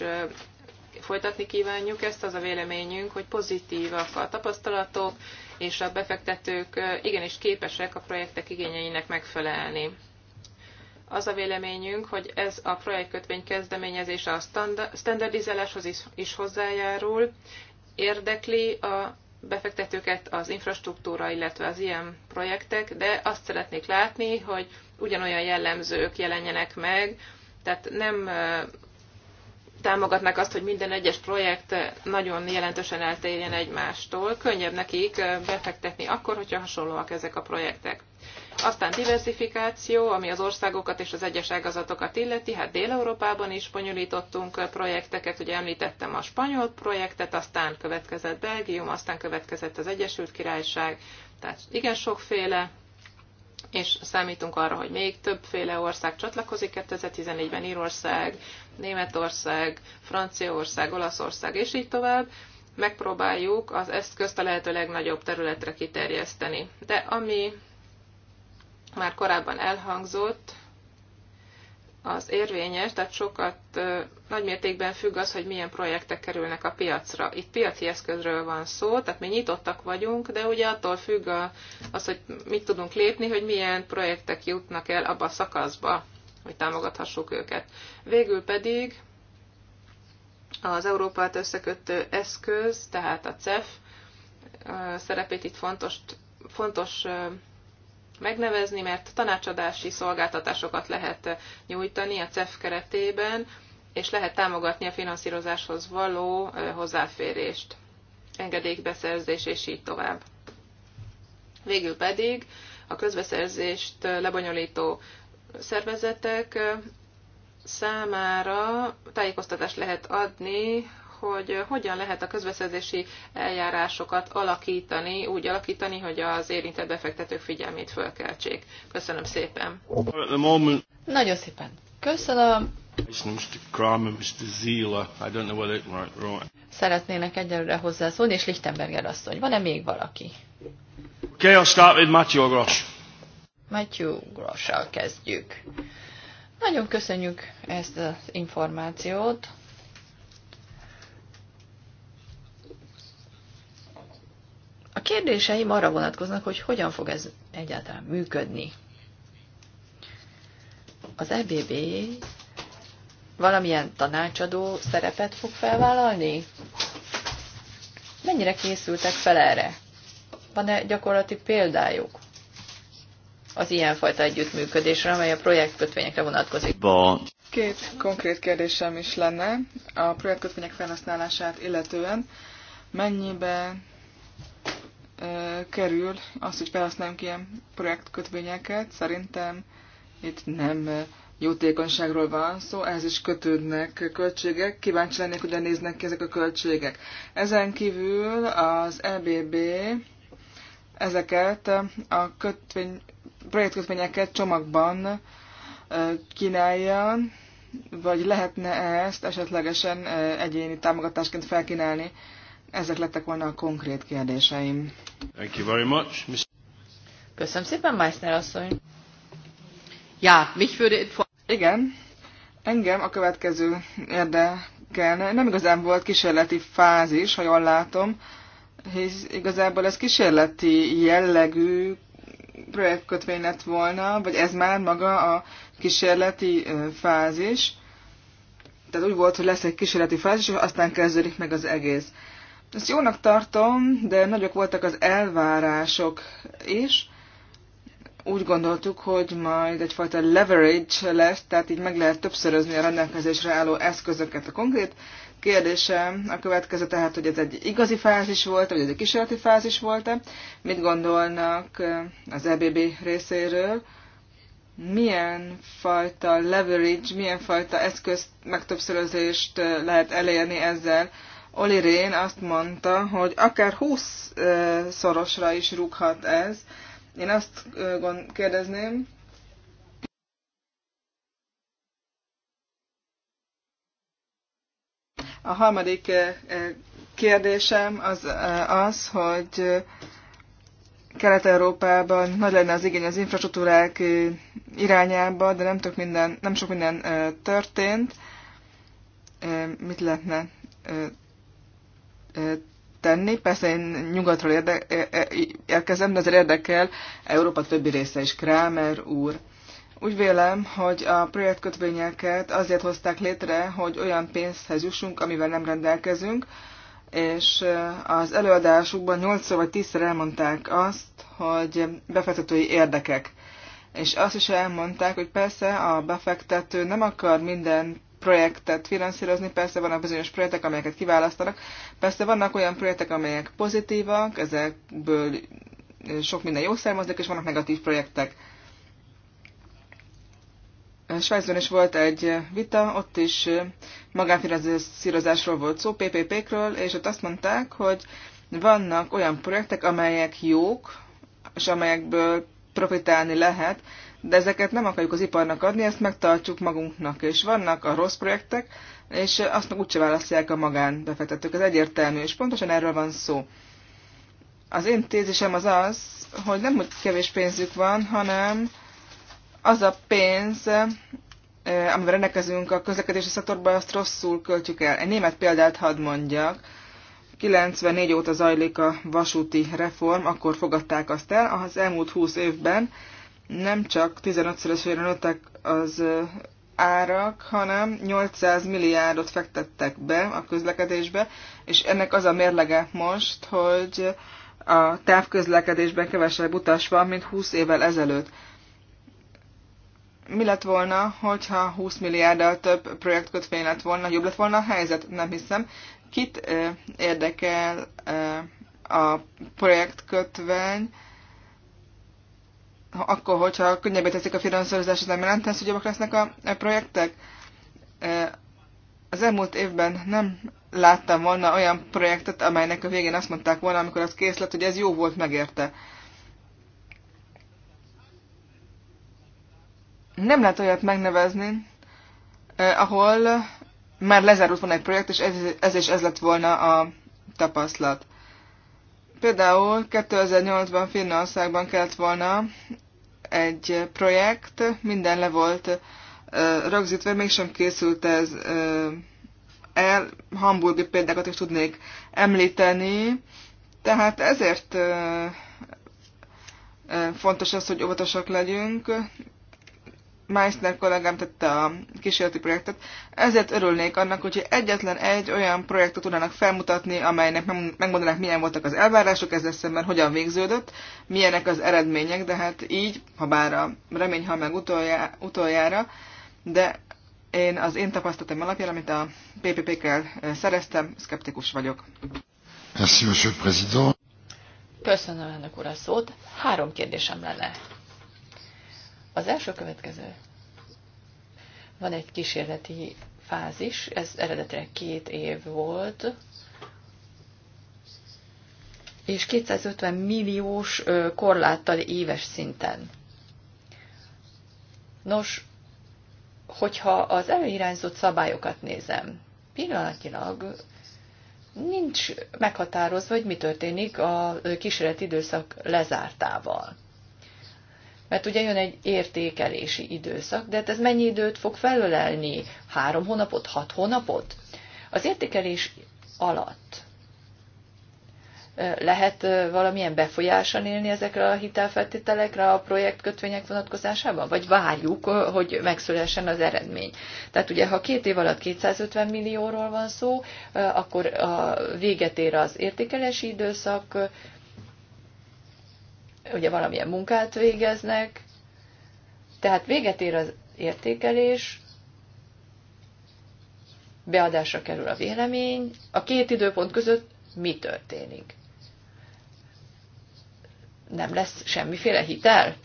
B: folytatni kívánjuk ezt, az a véleményünk, hogy pozitívak a tapasztalatok, és a befektetők igenis képesek a projektek igényeinek megfelelni. Az a véleményünk, hogy ez a projektkötvény kezdeményezése a standardizáláshoz is, is hozzájárul, érdekli a befektetőket az infrastruktúra, illetve az ilyen projektek, de azt szeretnék látni, hogy ugyanolyan jellemzők jelenjenek meg, tehát nem támogatnak azt, hogy minden egyes projekt nagyon jelentősen eltérjen egymástól. Könnyebb nekik befektetni akkor, hogyha hasonlóak ezek a projektek. Aztán diversifikáció, ami az országokat és az egyes ágazatokat illeti, hát Dél-Európában is bonyolítottunk projekteket, ugye említettem a spanyol projektet, aztán következett Belgium, aztán következett az Egyesült Királyság, tehát igen sokféle, és számítunk arra, hogy még többféle ország csatlakozik 2014-ben, Írország, Németország, Franciaország, Olaszország, és így tovább megpróbáljuk az eszközt a lehető legnagyobb területre kiterjeszteni. De ami már korábban elhangzott, az érvényes, tehát sokat nagymértékben függ az, hogy milyen projektek kerülnek a piacra. Itt piaci eszközről van szó, tehát mi nyitottak vagyunk, de ugye attól függ az, hogy mit tudunk lépni, hogy milyen projektek jutnak el abba a szakaszba, hogy támogathassuk őket. Végül pedig az Európát összekötő eszköz, tehát a CEF szerepét itt fontos, fontos megnevezni, mert tanácsadási szolgáltatásokat lehet nyújtani a CEF keretében, és lehet támogatni a finanszírozáshoz való hozzáférést, engedélybeszerzés és így tovább. Végül pedig a közbeszerzést lebonyolító szervezetek számára tájékoztatást lehet adni hogy hogyan lehet a közbeszerzési eljárásokat alakítani, úgy alakítani, hogy az érintett befektetők figyelmét fölkeltsék. Köszönöm szépen.
A: Nagyon szépen. Köszönöm. Szeretnének egyelőre hozzászólni, és Lichtenberger asszony. Van-e még valaki? Okay, I'll start with Matthew Gross. Matthew Gross-sal kezdjük. Nagyon köszönjük ezt az információt. kérdéseim arra vonatkoznak, hogy hogyan fog ez egyáltalán működni. Az EBB valamilyen tanácsadó szerepet fog felvállalni? Mennyire készültek fel erre? Van-e gyakorlati példájuk az ilyenfajta együttműködésre, amely a projektkötvényekre vonatkozik?
C: Két konkrét kérdésem is lenne a projektkötvények felhasználását illetően. Mennyiben kerül az, hogy felhasználunk ilyen projektkötvényeket. Szerintem itt nem jótékonyságról van szó, ehhez is kötődnek költségek. Kíváncsi lennék, hogy néznek ki ezek a költségek. Ezen kívül az EBB ezeket a kötvény, projektkötvényeket csomagban kínálja, vagy lehetne ezt esetlegesen egyéni támogatásként felkínálni ezek lettek volna a konkrét kérdéseim. Thank you very much. Ms.
A: Köszönöm szépen, Meissner asszony. Ja, mich würde Igen,
C: engem a következő érdekelne. Nem igazán volt kísérleti fázis, ha jól látom, hisz igazából ez kísérleti jellegű projektkötvény lett volna, vagy ez már maga a kísérleti fázis. Tehát úgy volt, hogy lesz egy kísérleti fázis, és aztán kezdődik meg az egész. Ezt jónak tartom, de nagyok voltak az elvárások is. Úgy gondoltuk, hogy majd egyfajta leverage lesz, tehát így meg lehet többszörözni a rendelkezésre álló eszközöket. A konkrét kérdésem a következő, tehát, hogy ez egy igazi fázis volt, vagy ez egy kísérleti fázis volt-e? Mit gondolnak eh, az EBB részéről? milyen fajta leverage, milyen fajta eszközt, megtöbbszörözést eh, lehet elérni ezzel Oli Rén azt mondta, hogy akár 20 szorosra is rúghat ez. Én azt kérdezném, A harmadik kérdésem az az, hogy Kelet-Európában nagy lenne az igény az infrastruktúrák irányába, de nem, tök minden, nem sok minden történt. Mit lehetne tenni. Persze én nyugatról érde- érkezem, de azért érdekel Európa többi része is, Kramer úr. Úgy vélem, hogy a projektkötvényeket azért hozták létre, hogy olyan pénzhez jussunk, amivel nem rendelkezünk, és az előadásukban 8 vagy 10-szer elmondták azt, hogy befektetői érdekek. És azt is elmondták, hogy persze a befektető nem akar minden projektet finanszírozni, persze vannak bizonyos projektek, amelyeket kiválasztanak, persze vannak olyan projektek, amelyek pozitívak, ezekből sok minden jó származik, és vannak negatív projektek. Svájcban is volt egy vita, ott is magánfinanszírozásról volt szó, PPP-kről, és ott azt mondták, hogy vannak olyan projektek, amelyek jók, és amelyekből profitálni lehet, de ezeket nem akarjuk az iparnak adni, ezt megtartjuk magunknak. És vannak a rossz projektek, és azt úgyse választják a magánbefektetők. Ez egyértelmű, és pontosan erről van szó. Az én tézisem az az, hogy nem úgy kevés pénzük van, hanem az a pénz, eh, amivel rendelkezünk a közlekedési szektorban, azt rosszul költjük el. Egy német példát hadd mondjak. 94 óta zajlik a vasúti reform, akkor fogadták azt el, az elmúlt 20 évben nem csak 15 szeresére nőttek az árak, hanem 800 milliárdot fektettek be a közlekedésbe, és ennek az a mérlege most, hogy a távközlekedésben kevesebb utas van, mint 20 évvel ezelőtt. Mi lett volna, hogyha 20 milliárddal több projektkötvény lett volna, jobb lett volna a helyzet? Nem hiszem. Kit érdekel a projektkötvény? akkor, hogyha könnyebbé teszik a finanszírozás, az nem jelenti, hogy jobbak lesznek a projektek. Az elmúlt évben nem láttam volna olyan projektet, amelynek a végén azt mondták volna, amikor az kész lett, hogy ez jó volt, megérte. Nem lehet olyat megnevezni, eh, ahol már lezárult volna egy projekt, és ez, ez és ez lett volna a tapasztalat. Például 2008-ban Finnországban kellett volna egy projekt, minden le volt rögzítve, mégsem készült ez el. Hamburgi példákat is tudnék említeni. Tehát ezért fontos az, hogy óvatosak legyünk. Meissner kollégám tette a kísérleti projektet. Ezért örülnék annak, hogyha egyetlen egy olyan projektet tudnának felmutatni, amelynek megmondanák, milyen voltak az elvárások, ezzel szemben hogyan végződött, milyenek az eredmények, de hát így, ha bár a remény, ha meg utoljá, utoljára, de én az én tapasztalatom alapján, amit a ppp kel eh, szereztem, szkeptikus vagyok.
B: Merci, monsieur le président.
C: Köszönöm, elnök úr, a szót. Három kérdésem
A: lenne. Az első következő. Van egy kísérleti fázis, ez eredetileg két év volt, és 250 milliós korláttal éves szinten. Nos, hogyha az előirányzott szabályokat nézem, pillanatilag nincs meghatározva, hogy mi történik a kísérleti időszak lezártával mert ugye jön egy értékelési időszak, de hát ez mennyi időt fog felölelni? Három hónapot, hat hónapot? Az értékelés alatt lehet valamilyen befolyással élni ezekre a hitelfeltételekre a projektkötvények vonatkozásában? Vagy várjuk, hogy megszülessen az eredmény? Tehát ugye, ha két év alatt 250 millióról van szó, akkor a véget ér az értékelési időszak, ugye valamilyen munkát végeznek, tehát véget ér az értékelés, beadásra kerül a vélemény, a két időpont között mi történik? Nem lesz semmiféle hitel?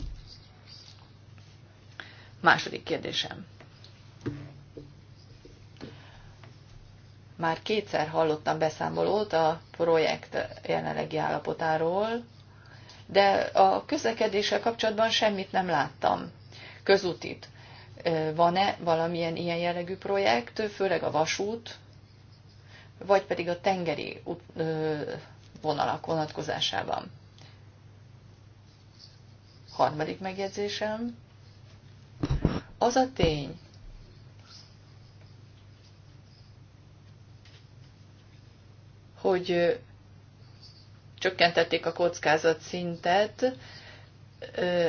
A: Második kérdésem. Már kétszer hallottam beszámolót a projekt jelenlegi állapotáról, de a közlekedéssel kapcsolatban semmit nem láttam. Közútit. Van-e valamilyen ilyen jellegű projekt, főleg a vasút, vagy pedig a tengeri vonalak vonatkozásában? Harmadik megjegyzésem. Az a tény, hogy csökkentették a kockázat szintet,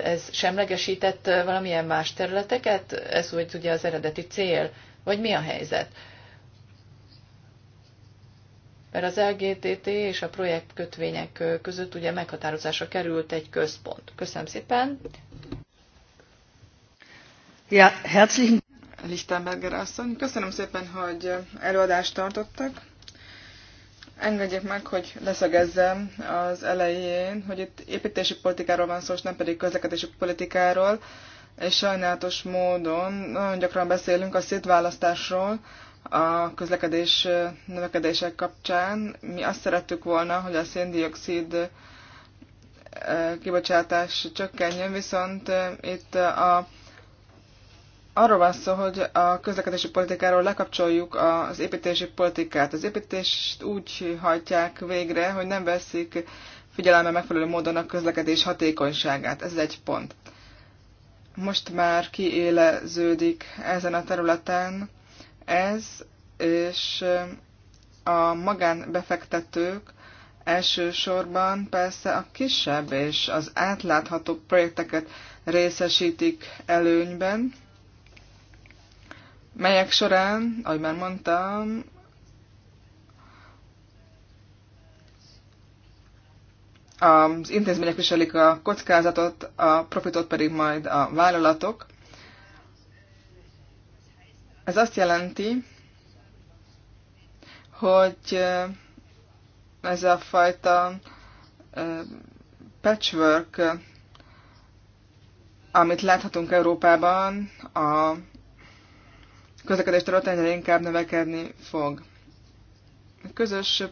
A: ez semlegesített valamilyen más területeket? Ez volt ugye az eredeti cél? Vagy mi a helyzet? Mert az LGTT és a projektkötvények között ugye meghatározásra került egy központ. Köszönöm
C: szépen. Ja, herzlichen Lichtenberger asszony, köszönöm szépen, hogy előadást tartottak. Engedjék meg, hogy leszögezzem az elején, hogy itt építési politikáról van szó, és nem pedig közlekedési politikáról, és sajnálatos módon nagyon gyakran beszélünk a szétválasztásról a közlekedés növekedések kapcsán. Mi azt szerettük volna, hogy a széndiokszid kibocsátás csökkenjen, viszont itt a arról van szó, hogy a közlekedési politikáról lekapcsoljuk az építési politikát. Az építést úgy hajtják végre, hogy nem veszik figyelembe megfelelő módon a közlekedés hatékonyságát. Ez egy pont. Most már kiéleződik ezen a területen ez, és a magánbefektetők elsősorban persze a kisebb és az átlátható projekteket részesítik előnyben, melyek során, ahogy már mondtam, az intézmények viselik a kockázatot, a profitot pedig majd a vállalatok. Ez azt jelenti, hogy ez a fajta patchwork, amit láthatunk Európában, a közlekedés területen egyre inkább növekedni fog. A közös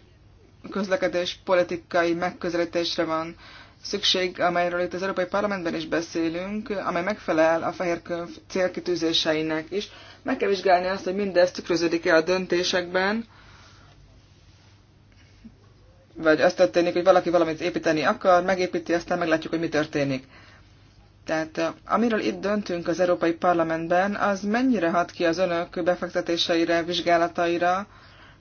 C: közlekedés politikai megközelítésre van szükség, amelyről itt az Európai Parlamentben is beszélünk, amely megfelel a fehér könyv célkitűzéseinek is. Meg kell vizsgálni azt, hogy mindez tükröződik-e a döntésekben, vagy azt történik, hogy valaki valamit építeni akar, megépíti, aztán meglátjuk, hogy mi történik. Tehát amiről itt döntünk az Európai Parlamentben, az mennyire hat ki az önök befektetéseire, vizsgálataira,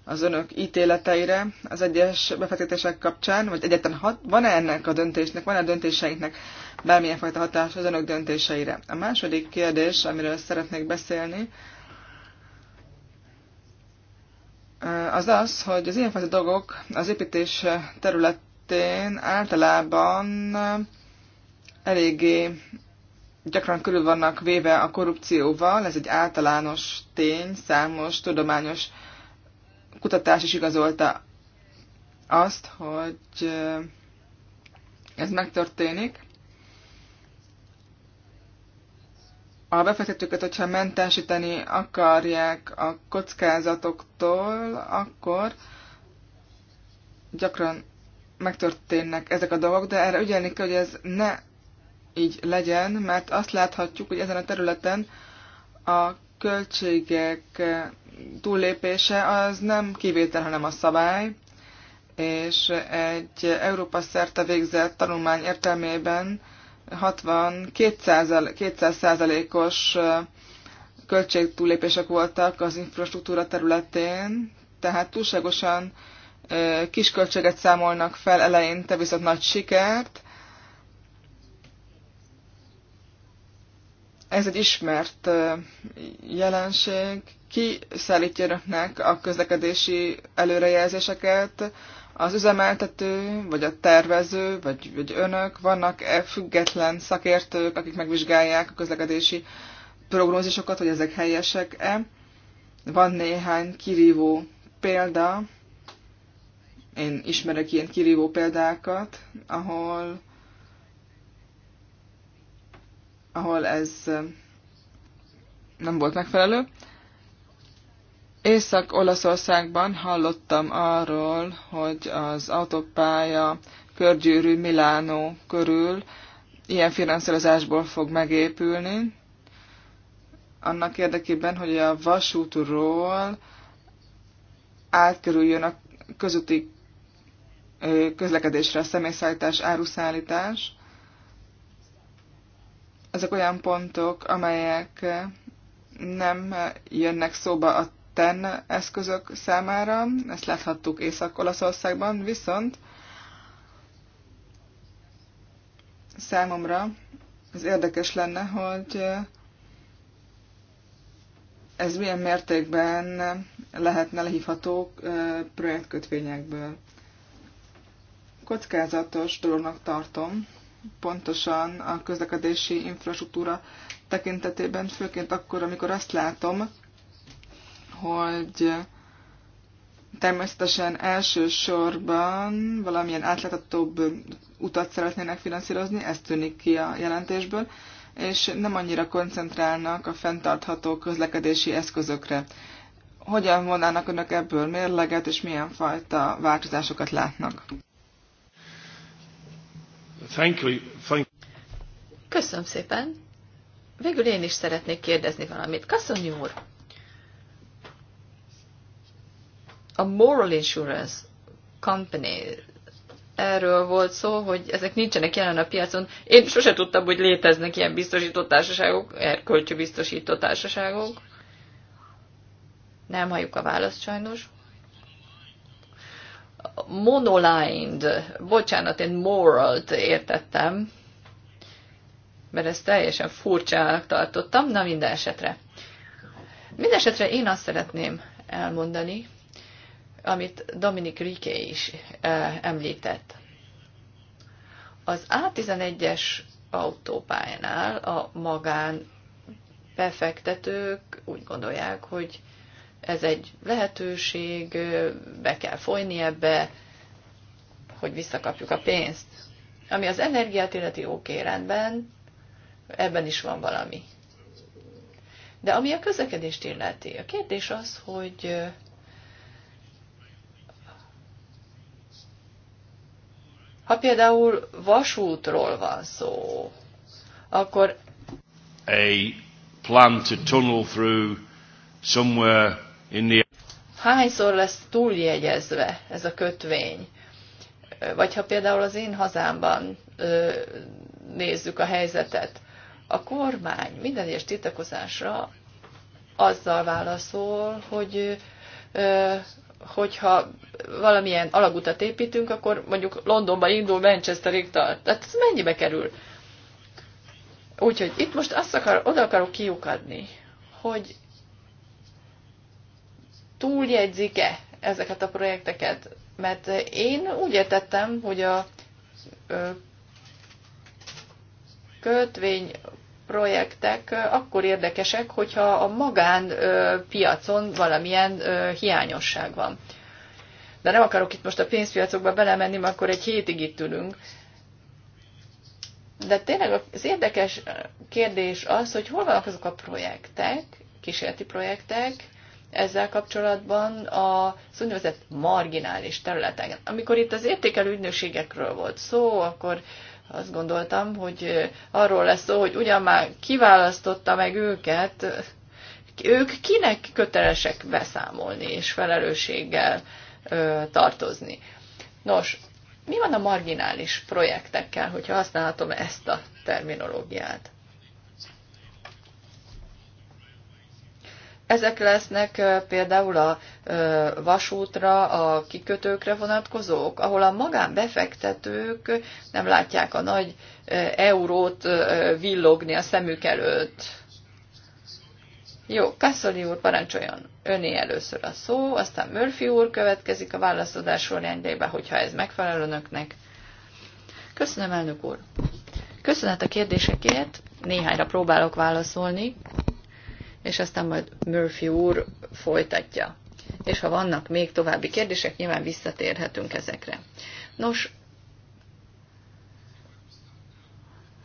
C: az önök ítéleteire az egyes befektetések kapcsán, vagy egyetlen van-e ennek a döntésnek, van-e a döntéseinknek bármilyen fajta hatás az önök döntéseire? A második kérdés, amiről szeretnék beszélni, az az, hogy az ilyenfajta dolgok az építés területén általában eléggé gyakran körül vannak véve a korrupcióval, ez egy általános tény, számos tudományos kutatás is igazolta azt, hogy eh, ez megtörténik. A befektetőket, hogyha mentesíteni akarják a kockázatoktól, akkor gyakran megtörténnek ezek a dolgok, de erre ügyelni kell, hogy ez ne így legyen, mert azt láthatjuk, hogy ezen a területen a költségek túllépése az nem kivétel, hanem a szabály, és egy Európa szerte végzett tanulmány értelmében 60-200%-os költségtúlépések voltak az infrastruktúra területén, tehát túlságosan kis költséget számolnak fel eleinte, viszont nagy sikert, Ez egy ismert jelenség. Ki szállítja önöknek a közlekedési előrejelzéseket? Az üzemeltető, vagy a tervező, vagy, vagy önök? Vannak-e független szakértők, akik megvizsgálják a közlekedési prognózisokat, hogy ezek helyesek-e? Van néhány kirívó példa, én ismerek ilyen kirívó példákat, ahol ahol ez nem volt megfelelő. Észak-Olaszországban hallottam arról, hogy az autópálya körgyűrű Milánó körül ilyen finanszírozásból fog megépülni, annak érdekében, hogy a vasútról átkerüljön a közúti közlekedésre a személyszállítás, áruszállítás, ezek olyan pontok, amelyek nem jönnek szóba a TEN eszközök számára, ezt láthattuk Észak-Olaszországban, viszont számomra ez érdekes lenne, hogy ez milyen mértékben lehetne lehívható projektkötvényekből. Kockázatos dolognak tartom, pontosan a közlekedési infrastruktúra tekintetében, főként akkor, amikor azt látom, hogy természetesen elsősorban valamilyen átláthatóbb utat szeretnének finanszírozni, ez tűnik ki a jelentésből, és nem annyira koncentrálnak a fenntartható közlekedési eszközökre. Hogyan vonnának önök ebből mérleget, és milyen fajta változásokat látnak?
A: Thank you. Thank... Köszönöm szépen. Végül én is szeretnék kérdezni valamit. Köszönjük, úr, a Moral Insurance Company erről volt szó, hogy ezek nincsenek jelen a piacon. Én sose tudtam, hogy léteznek ilyen biztosító társaságok, erkölcsi biztosító társaságok. Nem halljuk a választ sajnos monolined, bocsánat, én moralt értettem, mert ezt teljesen furcsának tartottam, na minden esetre. Minden esetre én azt szeretném elmondani, amit Dominik Rike is eh, említett. Az A11-es autópályánál a magán befektetők úgy gondolják, hogy ez egy lehetőség, be kell folyni ebbe, hogy visszakapjuk a pénzt. Ami az energiát illeti oké rendben, ebben is van valami. De ami a közlekedést illeti, a kérdés az, hogy ha például vasútról van szó, akkor a plan to tunnel through somewhere Hányszor lesz túljegyezve ez a kötvény? Vagy ha például az én hazámban nézzük a helyzetet, a kormány minden egyes titakozásra azzal válaszol, hogy hogyha valamilyen alagutat építünk, akkor mondjuk Londonba indul Manchesterig tart. Tehát ez mennyibe kerül? Úgyhogy itt most azt akar, oda akarok kiukadni, hogy túljegyzik-e ezeket a projekteket? Mert én úgy értettem, hogy a kötvény projektek akkor érdekesek, hogyha a magánpiacon valamilyen hiányosság van. De nem akarok itt most a pénzpiacokba belemenni, mert akkor egy hétig itt ülünk. De tényleg az érdekes kérdés az, hogy hol vannak azok a projektek, kísérleti projektek, ezzel kapcsolatban az úgynevezett marginális területeken. Amikor itt az értékelő ügynökségekről volt szó, akkor azt gondoltam, hogy arról lesz szó, hogy ugyan már kiválasztotta meg őket, ők kinek kötelesek beszámolni és felelősséggel ö, tartozni. Nos, mi van a marginális projektekkel, hogyha használhatom ezt a terminológiát? Ezek lesznek például a vasútra, a kikötőkre vonatkozók, ahol a magánbefektetők nem látják a nagy eurót villogni a szemük előtt. Jó, Kasszoli úr, parancsoljon öné először a szó, aztán Murphy úr következik a válaszadás sorrendjében, hogyha ez megfelel önöknek. Köszönöm, elnök úr. Köszönet a kérdésekért, néhányra próbálok válaszolni és aztán majd Murphy úr folytatja. És ha vannak még további kérdések, nyilván visszatérhetünk ezekre. Nos,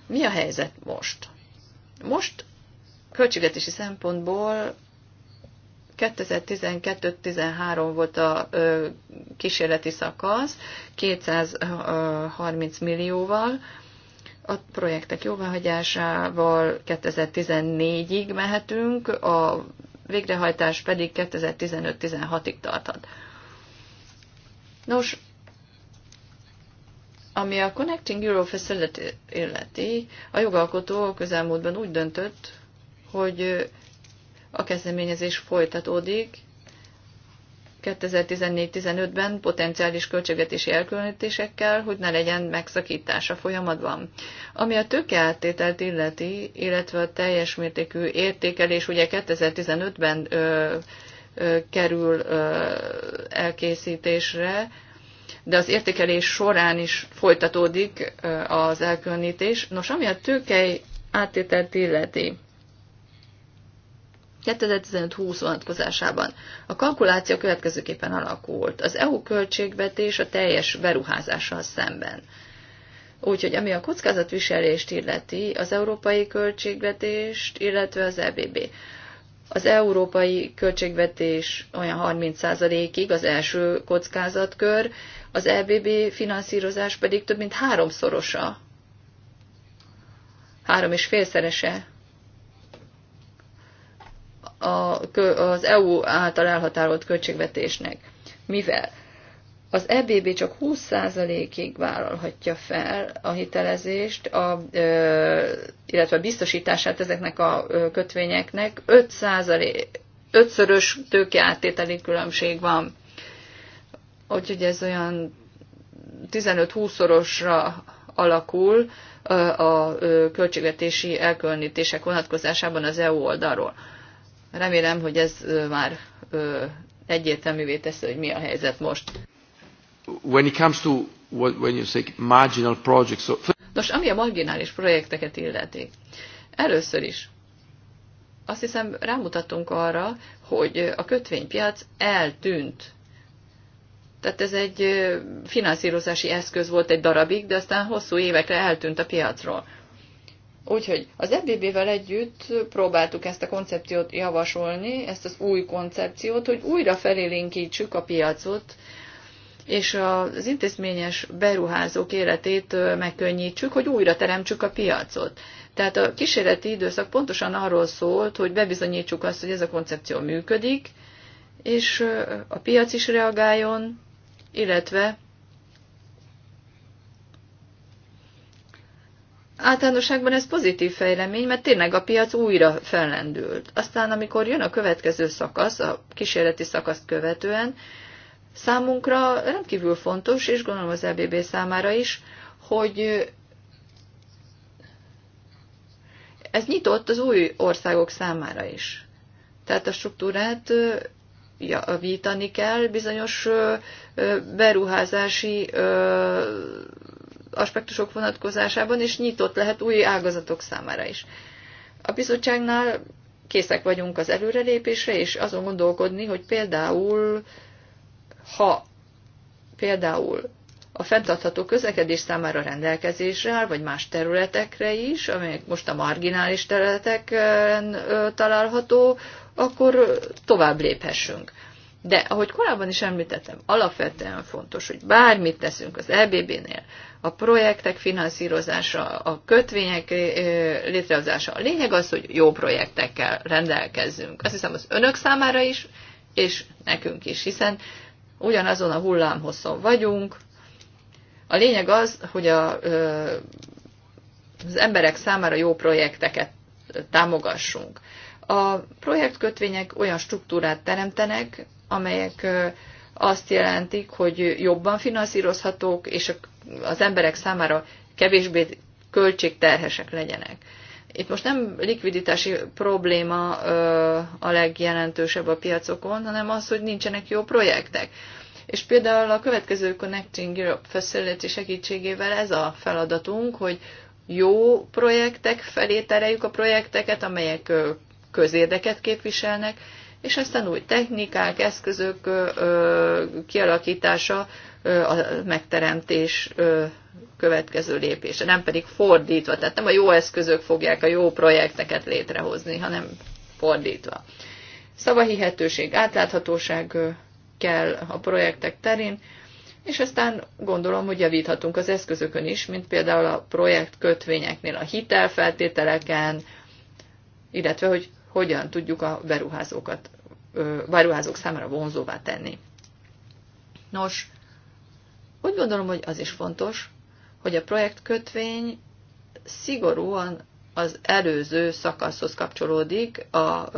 A: mi a helyzet most? Most költségetési szempontból 2012-13 volt a ö, kísérleti szakasz 230 millióval, a projektek jóváhagyásával 2014-ig mehetünk, a végrehajtás pedig 2015-16-ig tarthat. Nos, ami a Connecting Euro Facility illeti, a jogalkotó közelmúltban úgy döntött, hogy a kezdeményezés folytatódik, 2014-15-ben potenciális költségvetési elkülönítésekkel, hogy ne legyen megszakítása folyamatban. Ami a tőkeáttételt illeti, illetve a teljes mértékű értékelés, ugye 2015-ben ö, ö, kerül ö, elkészítésre, de az értékelés során is folytatódik az elkülönítés. Nos, ami a tőkei áttételt illeti, 2015-20 vonatkozásában. A kalkuláció következőképpen alakult. Az EU költségvetés a teljes beruházással szemben. Úgyhogy ami a kockázatviselést illeti, az európai költségvetést, illetve az EBB. Az európai költségvetés olyan 30%-ig az első kockázatkör, az EBB finanszírozás pedig több mint háromszorosa, három és félszerese az EU által elhatárolt költségvetésnek. Mivel? Az EBB csak 20%-ig vállalhatja fel a hitelezést, a, illetve a biztosítását ezeknek a kötvényeknek 5%, 5-szörös tőkeáttételi különbség van. Úgyhogy ez olyan 15-20-szorosra alakul a költségvetési elkülönítések vonatkozásában az EU oldalról. Remélem, hogy ez már egyértelművé teszi, hogy mi a helyzet most. When it comes to what, when you say marginal projects, so... Nos, ami a marginális projekteket illeti. Először is azt hiszem rámutattunk arra, hogy a kötvénypiac eltűnt. Tehát ez egy finanszírozási eszköz volt egy darabig, de aztán hosszú évekre eltűnt a piacról. Úgyhogy az EBB-vel együtt próbáltuk ezt a koncepciót javasolni, ezt az új koncepciót, hogy újra felélénkítsük a piacot, és az intézményes beruházók életét megkönnyítsük, hogy újra teremtsük a piacot. Tehát a kísérleti időszak pontosan arról szólt, hogy bebizonyítsuk azt, hogy ez a koncepció működik, és a piac is reagáljon, illetve általánosságban ez pozitív fejlemény, mert tényleg a piac újra fellendült. Aztán, amikor jön a következő szakasz, a kísérleti szakaszt követően, számunkra rendkívül fontos, és gondolom az EBB számára is, hogy ez nyitott az új országok számára is. Tehát a struktúrát javítani kell, bizonyos beruházási aspektusok vonatkozásában, és nyitott lehet új ágazatok számára is. A bizottságnál készek vagyunk az előrelépésre, és azon gondolkodni, hogy például, ha például a fenntartható közlekedés számára rendelkezésre áll, vagy más területekre is, amelyek most a marginális területeken található, akkor tovább léphessünk. De ahogy korábban is említettem, alapvetően fontos, hogy bármit teszünk az EBB-nél, a projektek finanszírozása, a kötvények létrehozása. A lényeg az, hogy jó projektekkel rendelkezzünk. Azt hiszem, az önök számára is, és nekünk is, hiszen ugyanazon a hullámhosszon vagyunk. A lényeg az, hogy a, az emberek számára jó projekteket támogassunk. A projektkötvények olyan struktúrát teremtenek, amelyek azt jelentik, hogy jobban finanszírozhatók, és az emberek számára kevésbé költségterhesek legyenek. Itt most nem likviditási probléma a legjelentősebb a piacokon, hanem az, hogy nincsenek jó projektek. És például a következő Connecting Europe Facility segítségével ez a feladatunk, hogy jó projektek felé tereljük a projekteket, amelyek közérdeket képviselnek, és aztán új technikák, eszközök kialakítása a megteremtés következő lépése, nem pedig fordítva, tehát nem a jó eszközök fogják a jó projekteket létrehozni, hanem fordítva. Szavahihetőség, átláthatóság kell a projektek terén, és aztán gondolom, hogy javíthatunk az eszközökön is, mint például a projekt kötvényeknél, a hitelfeltételeken, illetve hogy hogyan tudjuk a beruházókat, beruházók számára vonzóvá tenni. Nos, úgy gondolom, hogy az is fontos, hogy a projektkötvény szigorúan az előző szakaszhoz kapcsolódik, a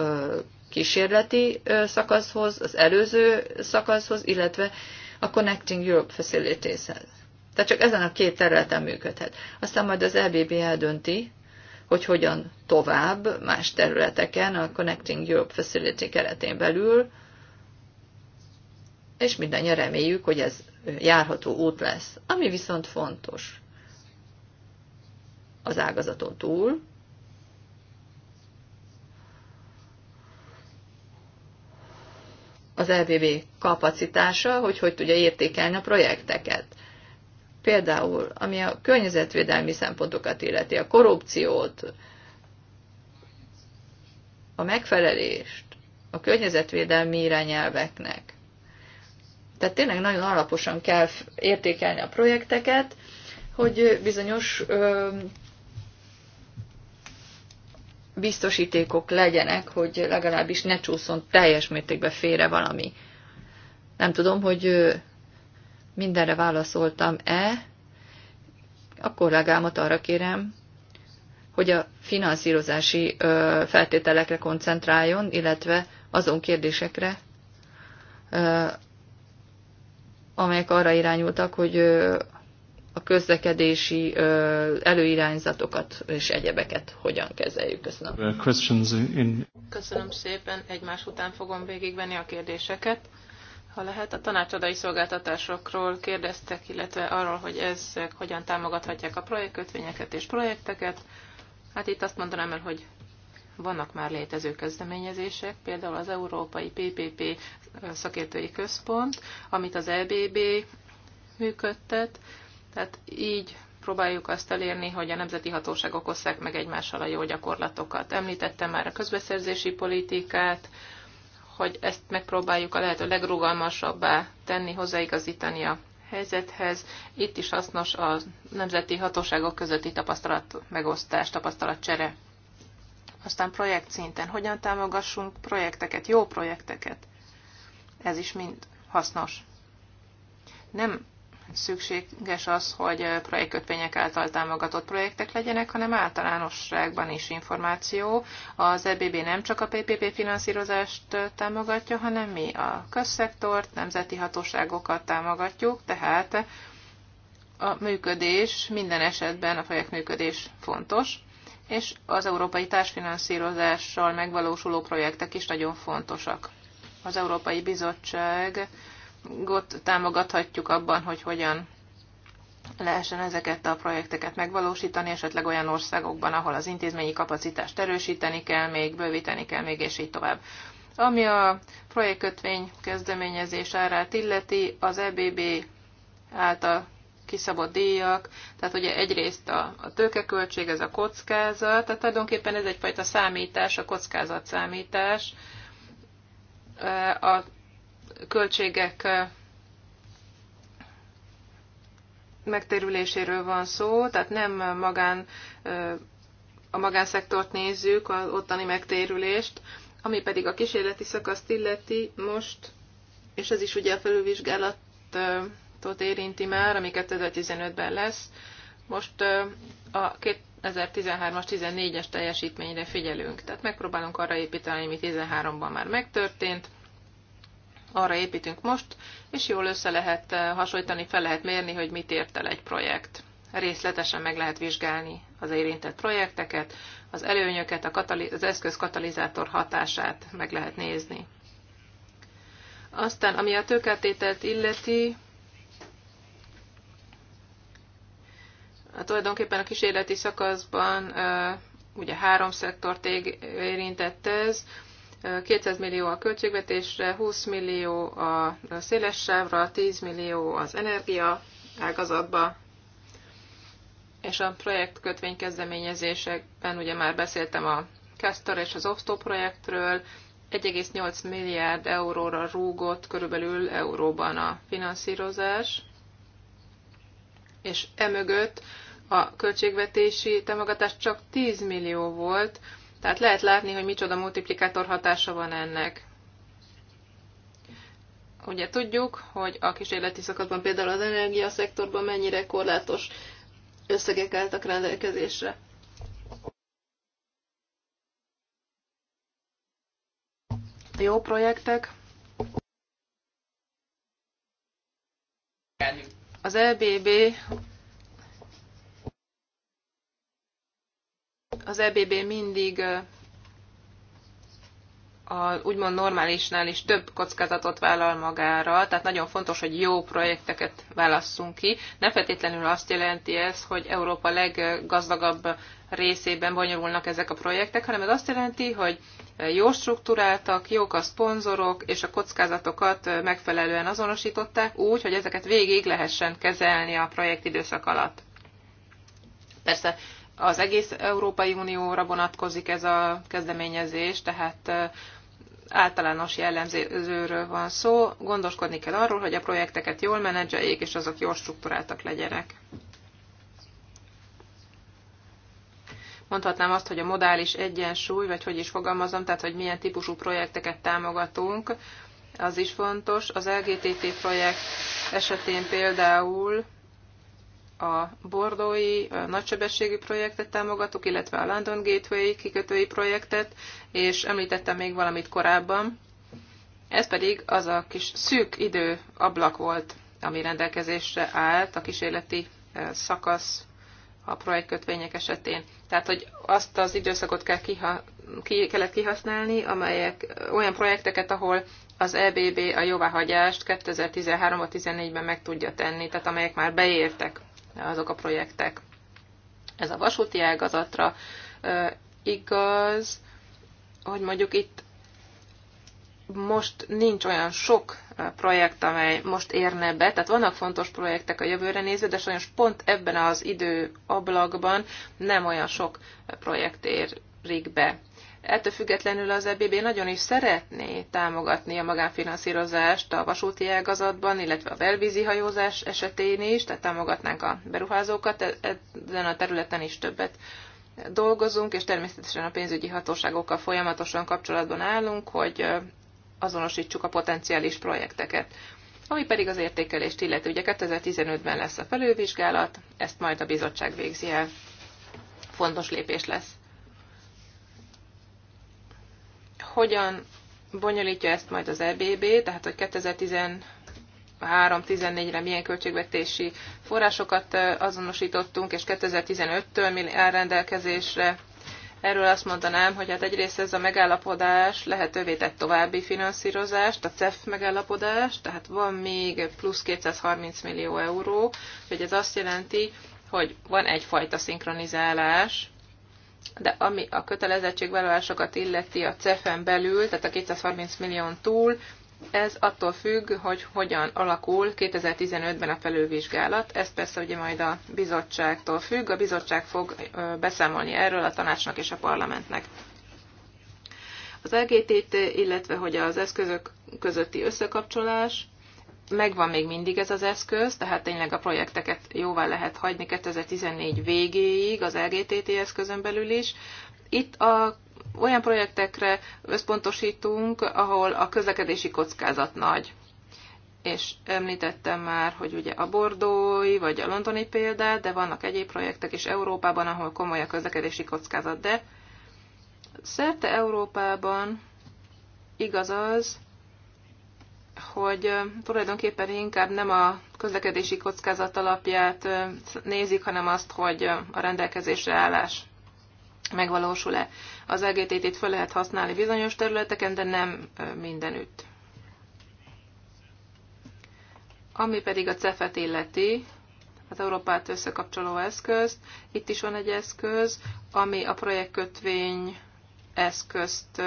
A: kísérleti szakaszhoz, az előző szakaszhoz, illetve a Connecting Europe Facilities-hez. Tehát csak ezen a két területen működhet. Aztán majd az EBB eldönti, hogy hogyan tovább más területeken a Connecting Europe Facility keretén belül, és mindannyian reméljük, hogy ez járható út lesz. Ami viszont fontos az ágazaton túl, az LVB kapacitása, hogy hogy tudja értékelni a projekteket. Például, ami a környezetvédelmi szempontokat illeti, a korrupciót, a megfelelést, a környezetvédelmi irányelveknek. Tehát tényleg nagyon alaposan kell értékelni a projekteket, hogy bizonyos ö, biztosítékok legyenek, hogy legalábbis ne csúszon teljes mértékben félre valami. Nem tudom, hogy mindenre válaszoltam-e, a kollégámat arra kérem, hogy a finanszírozási feltételekre koncentráljon, illetve azon kérdésekre, amelyek arra irányultak, hogy a közlekedési előirányzatokat és egyebeket hogyan kezeljük. Köszönöm.
B: Köszönöm szépen. Egymás után fogom végigvenni a kérdéseket. Ha lehet, a tanácsadai szolgáltatásokról kérdeztek, illetve arról, hogy ezek hogyan támogathatják a projektkötvényeket és projekteket. Hát itt azt mondanám el, hogy vannak már létező kezdeményezések, például az Európai PPP szakértői központ, amit az EBB működtet, tehát így próbáljuk azt elérni, hogy a nemzeti hatóságok osszák meg egymással a jó gyakorlatokat. Említettem már a közbeszerzési politikát, hogy ezt megpróbáljuk a lehető legrugalmasabbá tenni, hozzáigazítani a helyzethez. Itt is hasznos a nemzeti hatóságok közötti tapasztalat megosztás, tapasztalatcsere. Aztán projekt szinten hogyan támogassunk projekteket, jó projekteket. Ez is mind hasznos. Nem szükséges az, hogy projektkötvények által támogatott projektek legyenek, hanem általánosságban is információ. Az EBB nem csak a PPP finanszírozást támogatja, hanem mi a közszektort, nemzeti hatóságokat támogatjuk, tehát a működés minden esetben a projekt működés fontos és az európai társfinanszírozással megvalósuló projektek is nagyon fontosak. Az Európai Bizottság ott támogathatjuk abban, hogy hogyan lehessen ezeket a projekteket megvalósítani, esetleg olyan országokban, ahol az intézményi kapacitást erősíteni kell még, bővíteni kell még, és így tovább. Ami a projektkötvény kezdeményezés árát illeti, az EBB által kiszabott díjak, tehát ugye egyrészt a, a tőkeköltség, ez a kockázat, tehát tulajdonképpen ez egyfajta számítás, a kockázatszámítás, a költségek megterüléséről van szó, tehát nem magán, a magánszektort nézzük, az ottani megtérülést, ami pedig a kísérleti szakaszt illeti most, és ez is ugye a felülvizsgálatot érinti már, ami 2015-ben lesz. Most a 2013-as, 14-es teljesítményre figyelünk, tehát megpróbálunk arra építeni, ami 13-ban már megtörtént, arra építünk most, és jól össze lehet eh, hasonlítani, fel lehet mérni, hogy mit ért el egy projekt. Részletesen meg lehet vizsgálni az érintett projekteket, az előnyöket, a az eszköz katalizátor hatását meg lehet nézni. Aztán, ami a tőkátételt illeti, hát tulajdonképpen a kísérleti szakaszban eh, ugye három szektort érintett ez, 200 millió a költségvetésre, 20 millió a széles sávra, 10 millió az energia ágazatba, és a projektkötvény kezdeményezésekben ugye már beszéltem a Castor és az Ofto projektről, 1,8 milliárd euróra rúgott körülbelül euróban a finanszírozás, és emögött a költségvetési támogatás csak 10 millió volt, tehát lehet látni, hogy micsoda multiplikátor hatása van ennek. Ugye tudjuk, hogy a kísérleti szakaszban például az energiaszektorban mennyire korlátos összegek álltak rendelkezésre. Jó projektek. Az EBB Az EBB mindig a úgymond normálisnál is több kockázatot vállal magára, tehát nagyon fontos, hogy jó projekteket válasszunk ki. Nem feltétlenül azt jelenti ez, hogy Európa leggazdagabb részében bonyolulnak ezek a projektek, hanem ez azt jelenti, hogy jó struktúráltak, jók a szponzorok, és a kockázatokat megfelelően azonosították úgy, hogy ezeket végig lehessen kezelni a projekt időszak alatt. Persze az egész Európai Unióra vonatkozik ez a kezdeményezés, tehát általános jellemzőről van szó. Gondoskodni kell arról, hogy a projekteket jól menedzseljék, és azok jól struktúráltak legyenek. mondhatnám azt, hogy a modális egyensúly, vagy hogy is fogalmazom, tehát hogy milyen típusú projekteket támogatunk, az is fontos. Az LGTT projekt esetén például a bordói a nagysebességű projektet támogatok, illetve a London Gateway kikötői projektet, és említettem még valamit korábban. Ez pedig az a kis szűk idő ablak volt, ami rendelkezésre állt a kísérleti szakasz a projektkötvények esetén. Tehát, hogy azt az időszakot kell kiha, ki, kellett kihasználni, amelyek olyan projekteket, ahol az EBB a jóváhagyást 2013-14-ben meg tudja tenni, tehát amelyek már beértek azok a projektek. Ez a vasúti ágazatra igaz, hogy mondjuk itt most nincs olyan sok projekt, amely most érne be, tehát vannak fontos projektek a jövőre nézve, de sajnos pont ebben az időablakban nem olyan sok projekt érik be. Ettől függetlenül az EBB nagyon is szeretné támogatni a magánfinanszírozást a vasúti ágazatban, illetve a belvízi hajózás esetén is, tehát támogatnánk a beruházókat, e- ezen a területen is többet dolgozunk, és természetesen a pénzügyi hatóságokkal folyamatosan kapcsolatban állunk, hogy azonosítsuk a potenciális projekteket. Ami pedig az értékelést illeti, ugye 2015-ben lesz a felülvizsgálat, ezt majd a bizottság végzi el. Fontos lépés lesz. hogyan bonyolítja ezt majd az EBB, tehát hogy 2013-14-re milyen költségvetési forrásokat azonosítottunk, és 2015-től mi elrendelkezésre. Erről azt mondanám, hogy hát egyrészt ez a megállapodás lehetővé tett további finanszírozást, a CEF megállapodást, tehát van még plusz 230 millió euró, hogy ez azt jelenti, hogy van egyfajta szinkronizálás, de ami a kötelezettségvállalásokat illeti a CEF-en belül, tehát a 230 millión túl, ez attól függ, hogy hogyan alakul 2015-ben a felülvizsgálat. Ez persze ugye majd a bizottságtól függ. A bizottság fog beszámolni erről a tanácsnak és a parlamentnek. Az LGT-t, illetve hogy az eszközök közötti összekapcsolás, megvan még mindig ez az eszköz, tehát tényleg a projekteket jóvá lehet hagyni 2014 végéig az LGTT eszközön belül is. Itt a olyan projektekre összpontosítunk, ahol a közlekedési kockázat nagy. És említettem már, hogy ugye a bordói vagy a londoni példát, de vannak egyéb projektek is Európában, ahol komoly a közlekedési kockázat, de szerte Európában igaz az, hogy tulajdonképpen inkább nem a közlekedési kockázat alapját nézik, hanem azt, hogy a rendelkezésre állás megvalósul-e. Az lgtt t föl lehet használni bizonyos területeken, de nem mindenütt. Ami pedig a CEFET illeti, az Európát összekapcsoló eszközt, itt is van egy eszköz, ami a projektkötvény eszközt,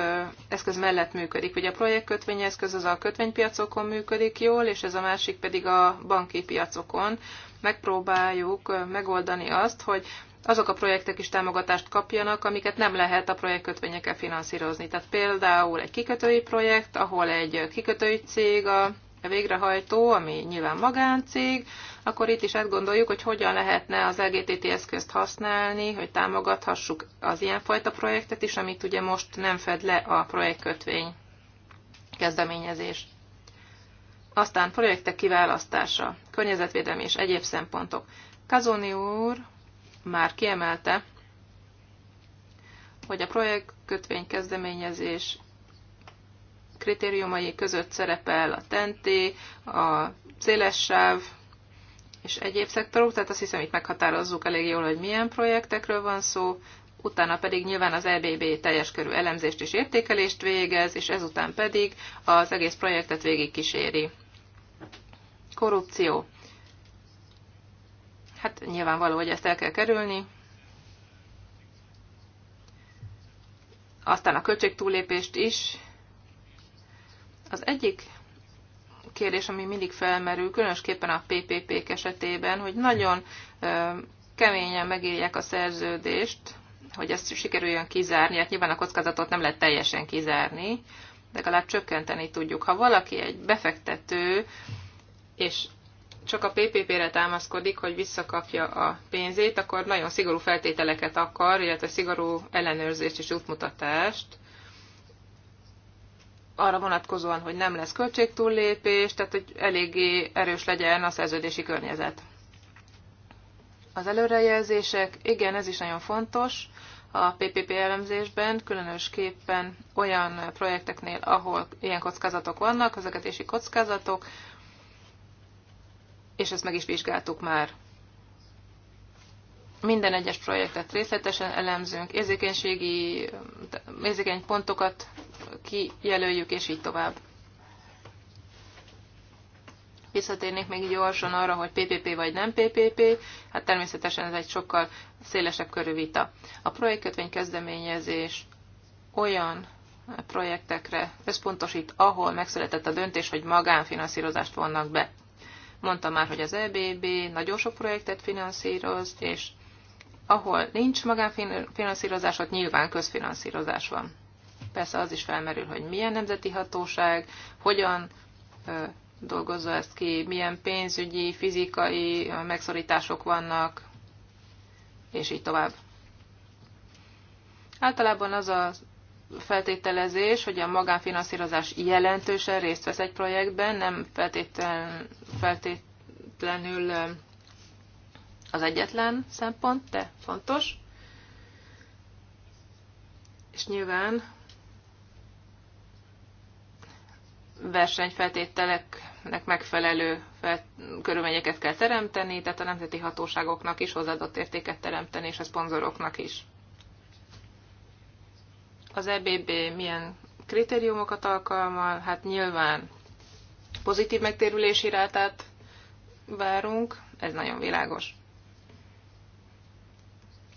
B: eszköz mellett működik. Ugye a projektkötvény eszköz az a kötvénypiacokon működik jól, és ez a másik pedig a banki piacokon. Megpróbáljuk megoldani azt, hogy azok a projektek is támogatást kapjanak, amiket nem lehet a projektkötvényekkel finanszírozni. Tehát például egy kikötői projekt, ahol egy kikötői cég a végrehajtó, ami nyilván magáncég, akkor itt is átgondoljuk, hogy hogyan lehetne az LGTT eszközt használni, hogy támogathassuk az ilyenfajta projektet is, amit ugye most nem fed le a projektkötvény kezdeményezés. Aztán projektek kiválasztása, környezetvédelmi és egyéb szempontok. Kazoni úr már kiemelte, hogy a projektkötvény kezdeményezés kritériumai között szerepel a tenté, a széles sáv és egyéb szektorok, tehát azt hiszem itt meghatározzuk elég jól, hogy milyen projektekről van szó, utána pedig nyilván az EBB teljes körű elemzést és értékelést végez, és ezután pedig az egész projektet végigkíséri. Korrupció. Hát nyilvánvaló, hogy ezt el kell kerülni. Aztán a költségtúlépést is az egyik kérdés, ami mindig felmerül, különösképpen a PPP-k esetében, hogy nagyon keményen megírják a szerződést, hogy ezt sikerüljön kizárni, hát nyilván a kockázatot nem lehet teljesen kizárni, legalább csökkenteni tudjuk. Ha valaki egy befektető, és csak a PPP-re támaszkodik, hogy visszakapja a pénzét, akkor nagyon szigorú feltételeket akar, illetve szigorú ellenőrzést és útmutatást, arra vonatkozóan, hogy nem lesz költségtúllépés, tehát hogy eléggé erős legyen a szerződési környezet. Az előrejelzések, igen, ez is nagyon fontos a PPP elemzésben, különösképpen olyan projekteknél, ahol ilyen kockázatok vannak, közlekedési kockázatok, és ezt meg is vizsgáltuk már. Minden egyes projektet részletesen elemzünk, érzékenységi, érzékeny pontokat kijelöljük, és így tovább. Visszatérnék még gyorsan arra, hogy PPP vagy nem PPP, hát természetesen ez egy sokkal szélesebb körű vita. A projektkötvény kezdeményezés olyan projektekre összpontosít, ahol megszületett a döntés, hogy magánfinanszírozást vonnak be. Mondtam már, hogy az EBB nagyon sok projektet finanszíroz, és ahol nincs magánfinanszírozás, ott nyilván közfinanszírozás van. Persze az is felmerül, hogy milyen nemzeti hatóság, hogyan dolgozza ezt ki, milyen pénzügyi, fizikai megszorítások vannak, és így tovább. Általában az a feltételezés, hogy a magánfinanszírozás jelentősen részt vesz egy projektben, nem feltétlen, feltétlenül az egyetlen szempont, de fontos. És nyilván versenyfeltételeknek megfelelő körülményeket kell teremteni, tehát a nemzeti hatóságoknak is hozzáadott értéket teremteni, és a szponzoroknak is. Az EBB milyen kritériumokat alkalmal? Hát nyilván pozitív megtérülési rátát várunk, ez nagyon világos.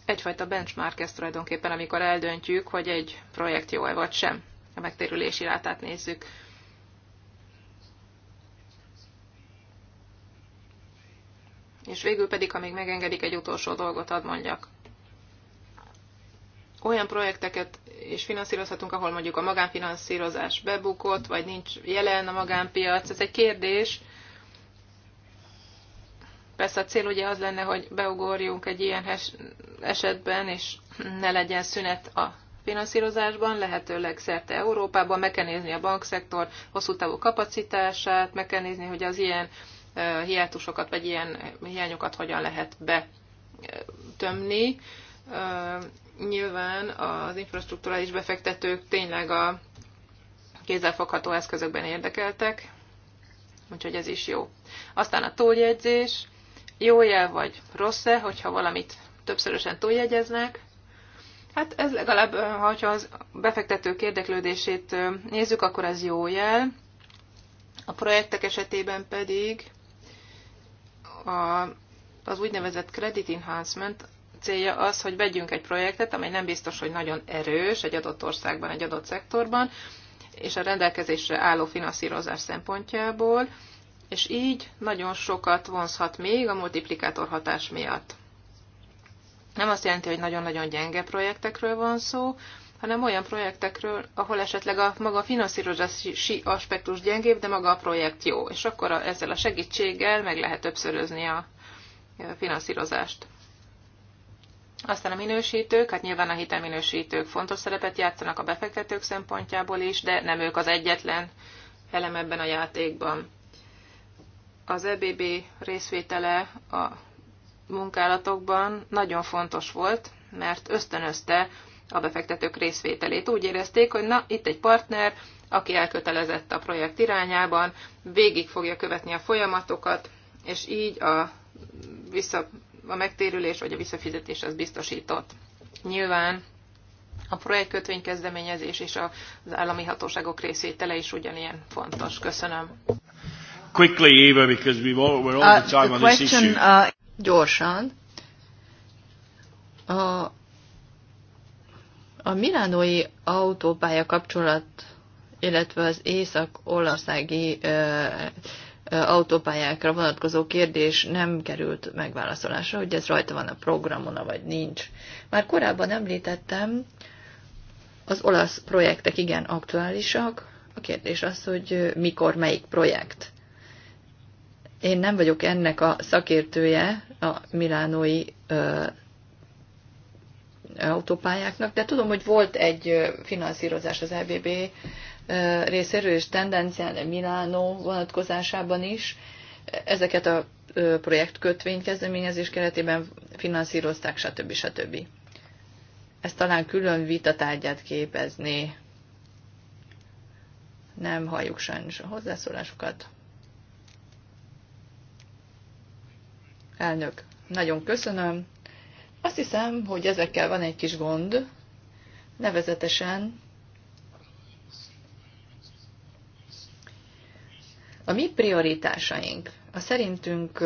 B: Egyfajta benchmark ez tulajdonképpen, amikor eldöntjük, hogy egy projekt jó-e vagy sem. A megtérülési rátát nézzük. És végül pedig, ha még megengedik, egy utolsó dolgot ad mondjak. Olyan projekteket és finanszírozhatunk, ahol mondjuk a magánfinanszírozás bebukott, vagy nincs jelen a magánpiac. Ez egy kérdés. Persze a cél ugye az lenne, hogy beugorjunk egy ilyen esetben, és ne legyen szünet a finanszírozásban, lehetőleg szerte Európában, meg kell nézni a bankszektor hosszú távú kapacitását, meg kell nézni, hogy az ilyen hiátusokat, vagy ilyen hiányokat hogyan lehet betömni. Nyilván az infrastruktúrális befektetők tényleg a kézzelfogható eszközökben érdekeltek, úgyhogy ez is jó. Aztán a túljegyzés, jó jel vagy rossz-e, hogyha valamit többszörösen túljegyeznek, Hát ez legalább, ha az befektetők érdeklődését nézzük, akkor ez jó jel. A projektek esetében pedig a, az úgynevezett credit enhancement célja az, hogy vegyünk egy projektet, amely nem biztos, hogy nagyon erős egy adott országban, egy adott szektorban, és a rendelkezésre álló finanszírozás szempontjából, és így nagyon sokat vonzhat még a multiplikátor hatás miatt. Nem azt jelenti, hogy nagyon-nagyon gyenge projektekről van szó, hanem olyan projektekről, ahol esetleg a maga finanszírozási aspektus gyengébb, de maga a projekt jó, és akkor a, ezzel a segítséggel meg lehet többszörözni a finanszírozást. Aztán a minősítők, hát nyilván a hitelminősítők fontos szerepet játszanak a befektetők szempontjából is, de nem ők az egyetlen elem ebben a játékban. Az EBB részvétele a munkálatokban nagyon fontos volt, mert ösztönözte a befektetők részvételét. Úgy érezték, hogy na, itt egy partner, aki elkötelezett a projekt irányában, végig fogja követni a folyamatokat, és így a, vissza, a megtérülés vagy a visszafizetés az biztosított. Nyilván a projektkötvény kezdeményezés és az állami hatóságok részvétele is ugyanilyen fontos. Köszönöm.
A: Quickly, Eva, because we've all, we're all the uh, time uh, the question, on this issue. Uh, gyorsan. Uh, a milánói autópálya kapcsolat, illetve az észak olaszági autópályákra vonatkozó kérdés nem került megválaszolásra, hogy ez rajta van a programon, vagy nincs. Már korábban említettem, az olasz projektek igen aktuálisak. A kérdés az, hogy mikor melyik projekt. Én nem vagyok ennek a szakértője, a milánói autópályáknak, de tudom, hogy volt egy finanszírozás az EBB részéről, és tendencián Milánó vonatkozásában is. Ezeket a projektkötvény kezdeményezés keretében finanszírozták, stb. stb. Ez talán külön vitatárgyát képezni. Nem halljuk sajnos a hozzászólásokat. Elnök, nagyon köszönöm. Azt hiszem, hogy ezekkel van egy kis gond, nevezetesen a mi prioritásaink, a szerintünk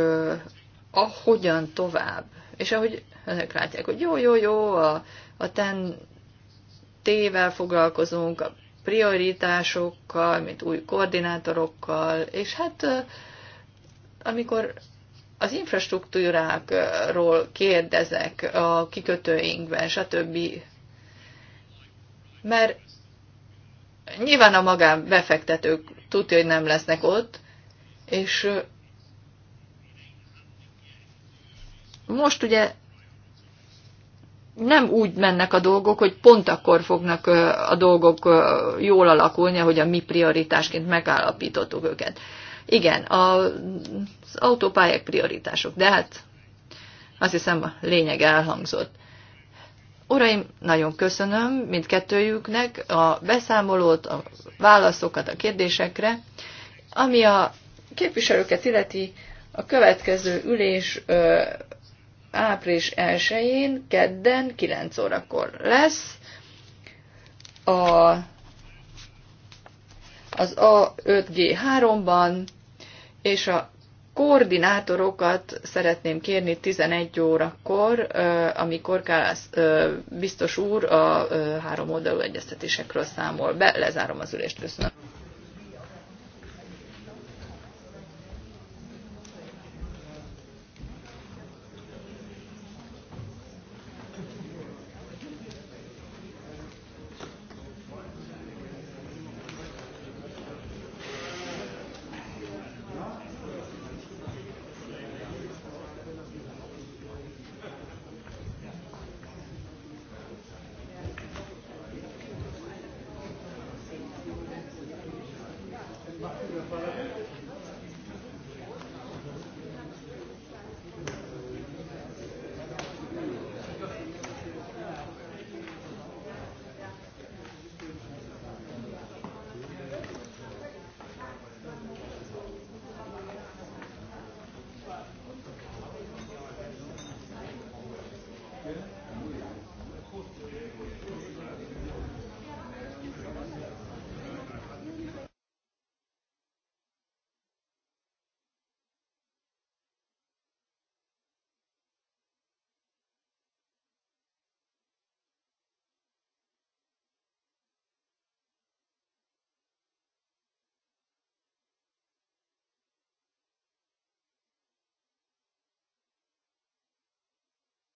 A: ahogyan tovább, és ahogy önök látják, hogy jó, jó, jó, a, a ten tével foglalkozunk, a prioritásokkal, mint új koordinátorokkal, és hát amikor az infrastruktúrákról kérdezek a kikötőinkben, stb. Mert nyilván a magán befektetők tudja, hogy nem lesznek ott, és most ugye nem úgy mennek a dolgok, hogy pont akkor fognak a dolgok jól alakulni, hogy a mi prioritásként megállapítottuk őket. Igen, az autópályák prioritások, de hát azt hiszem a lényeg elhangzott. Uraim, nagyon köszönöm mindkettőjüknek a beszámolót, a válaszokat a kérdésekre. Ami a képviselőket illeti, a következő ülés ö, április 1-én, kedden, 9 órakor lesz. A az A5G3-ban, és a koordinátorokat szeretném kérni 11 órakor, amikor Kálász biztos úr a három oldalú egyeztetésekről számol be. Lezárom az ülést, köszönöm.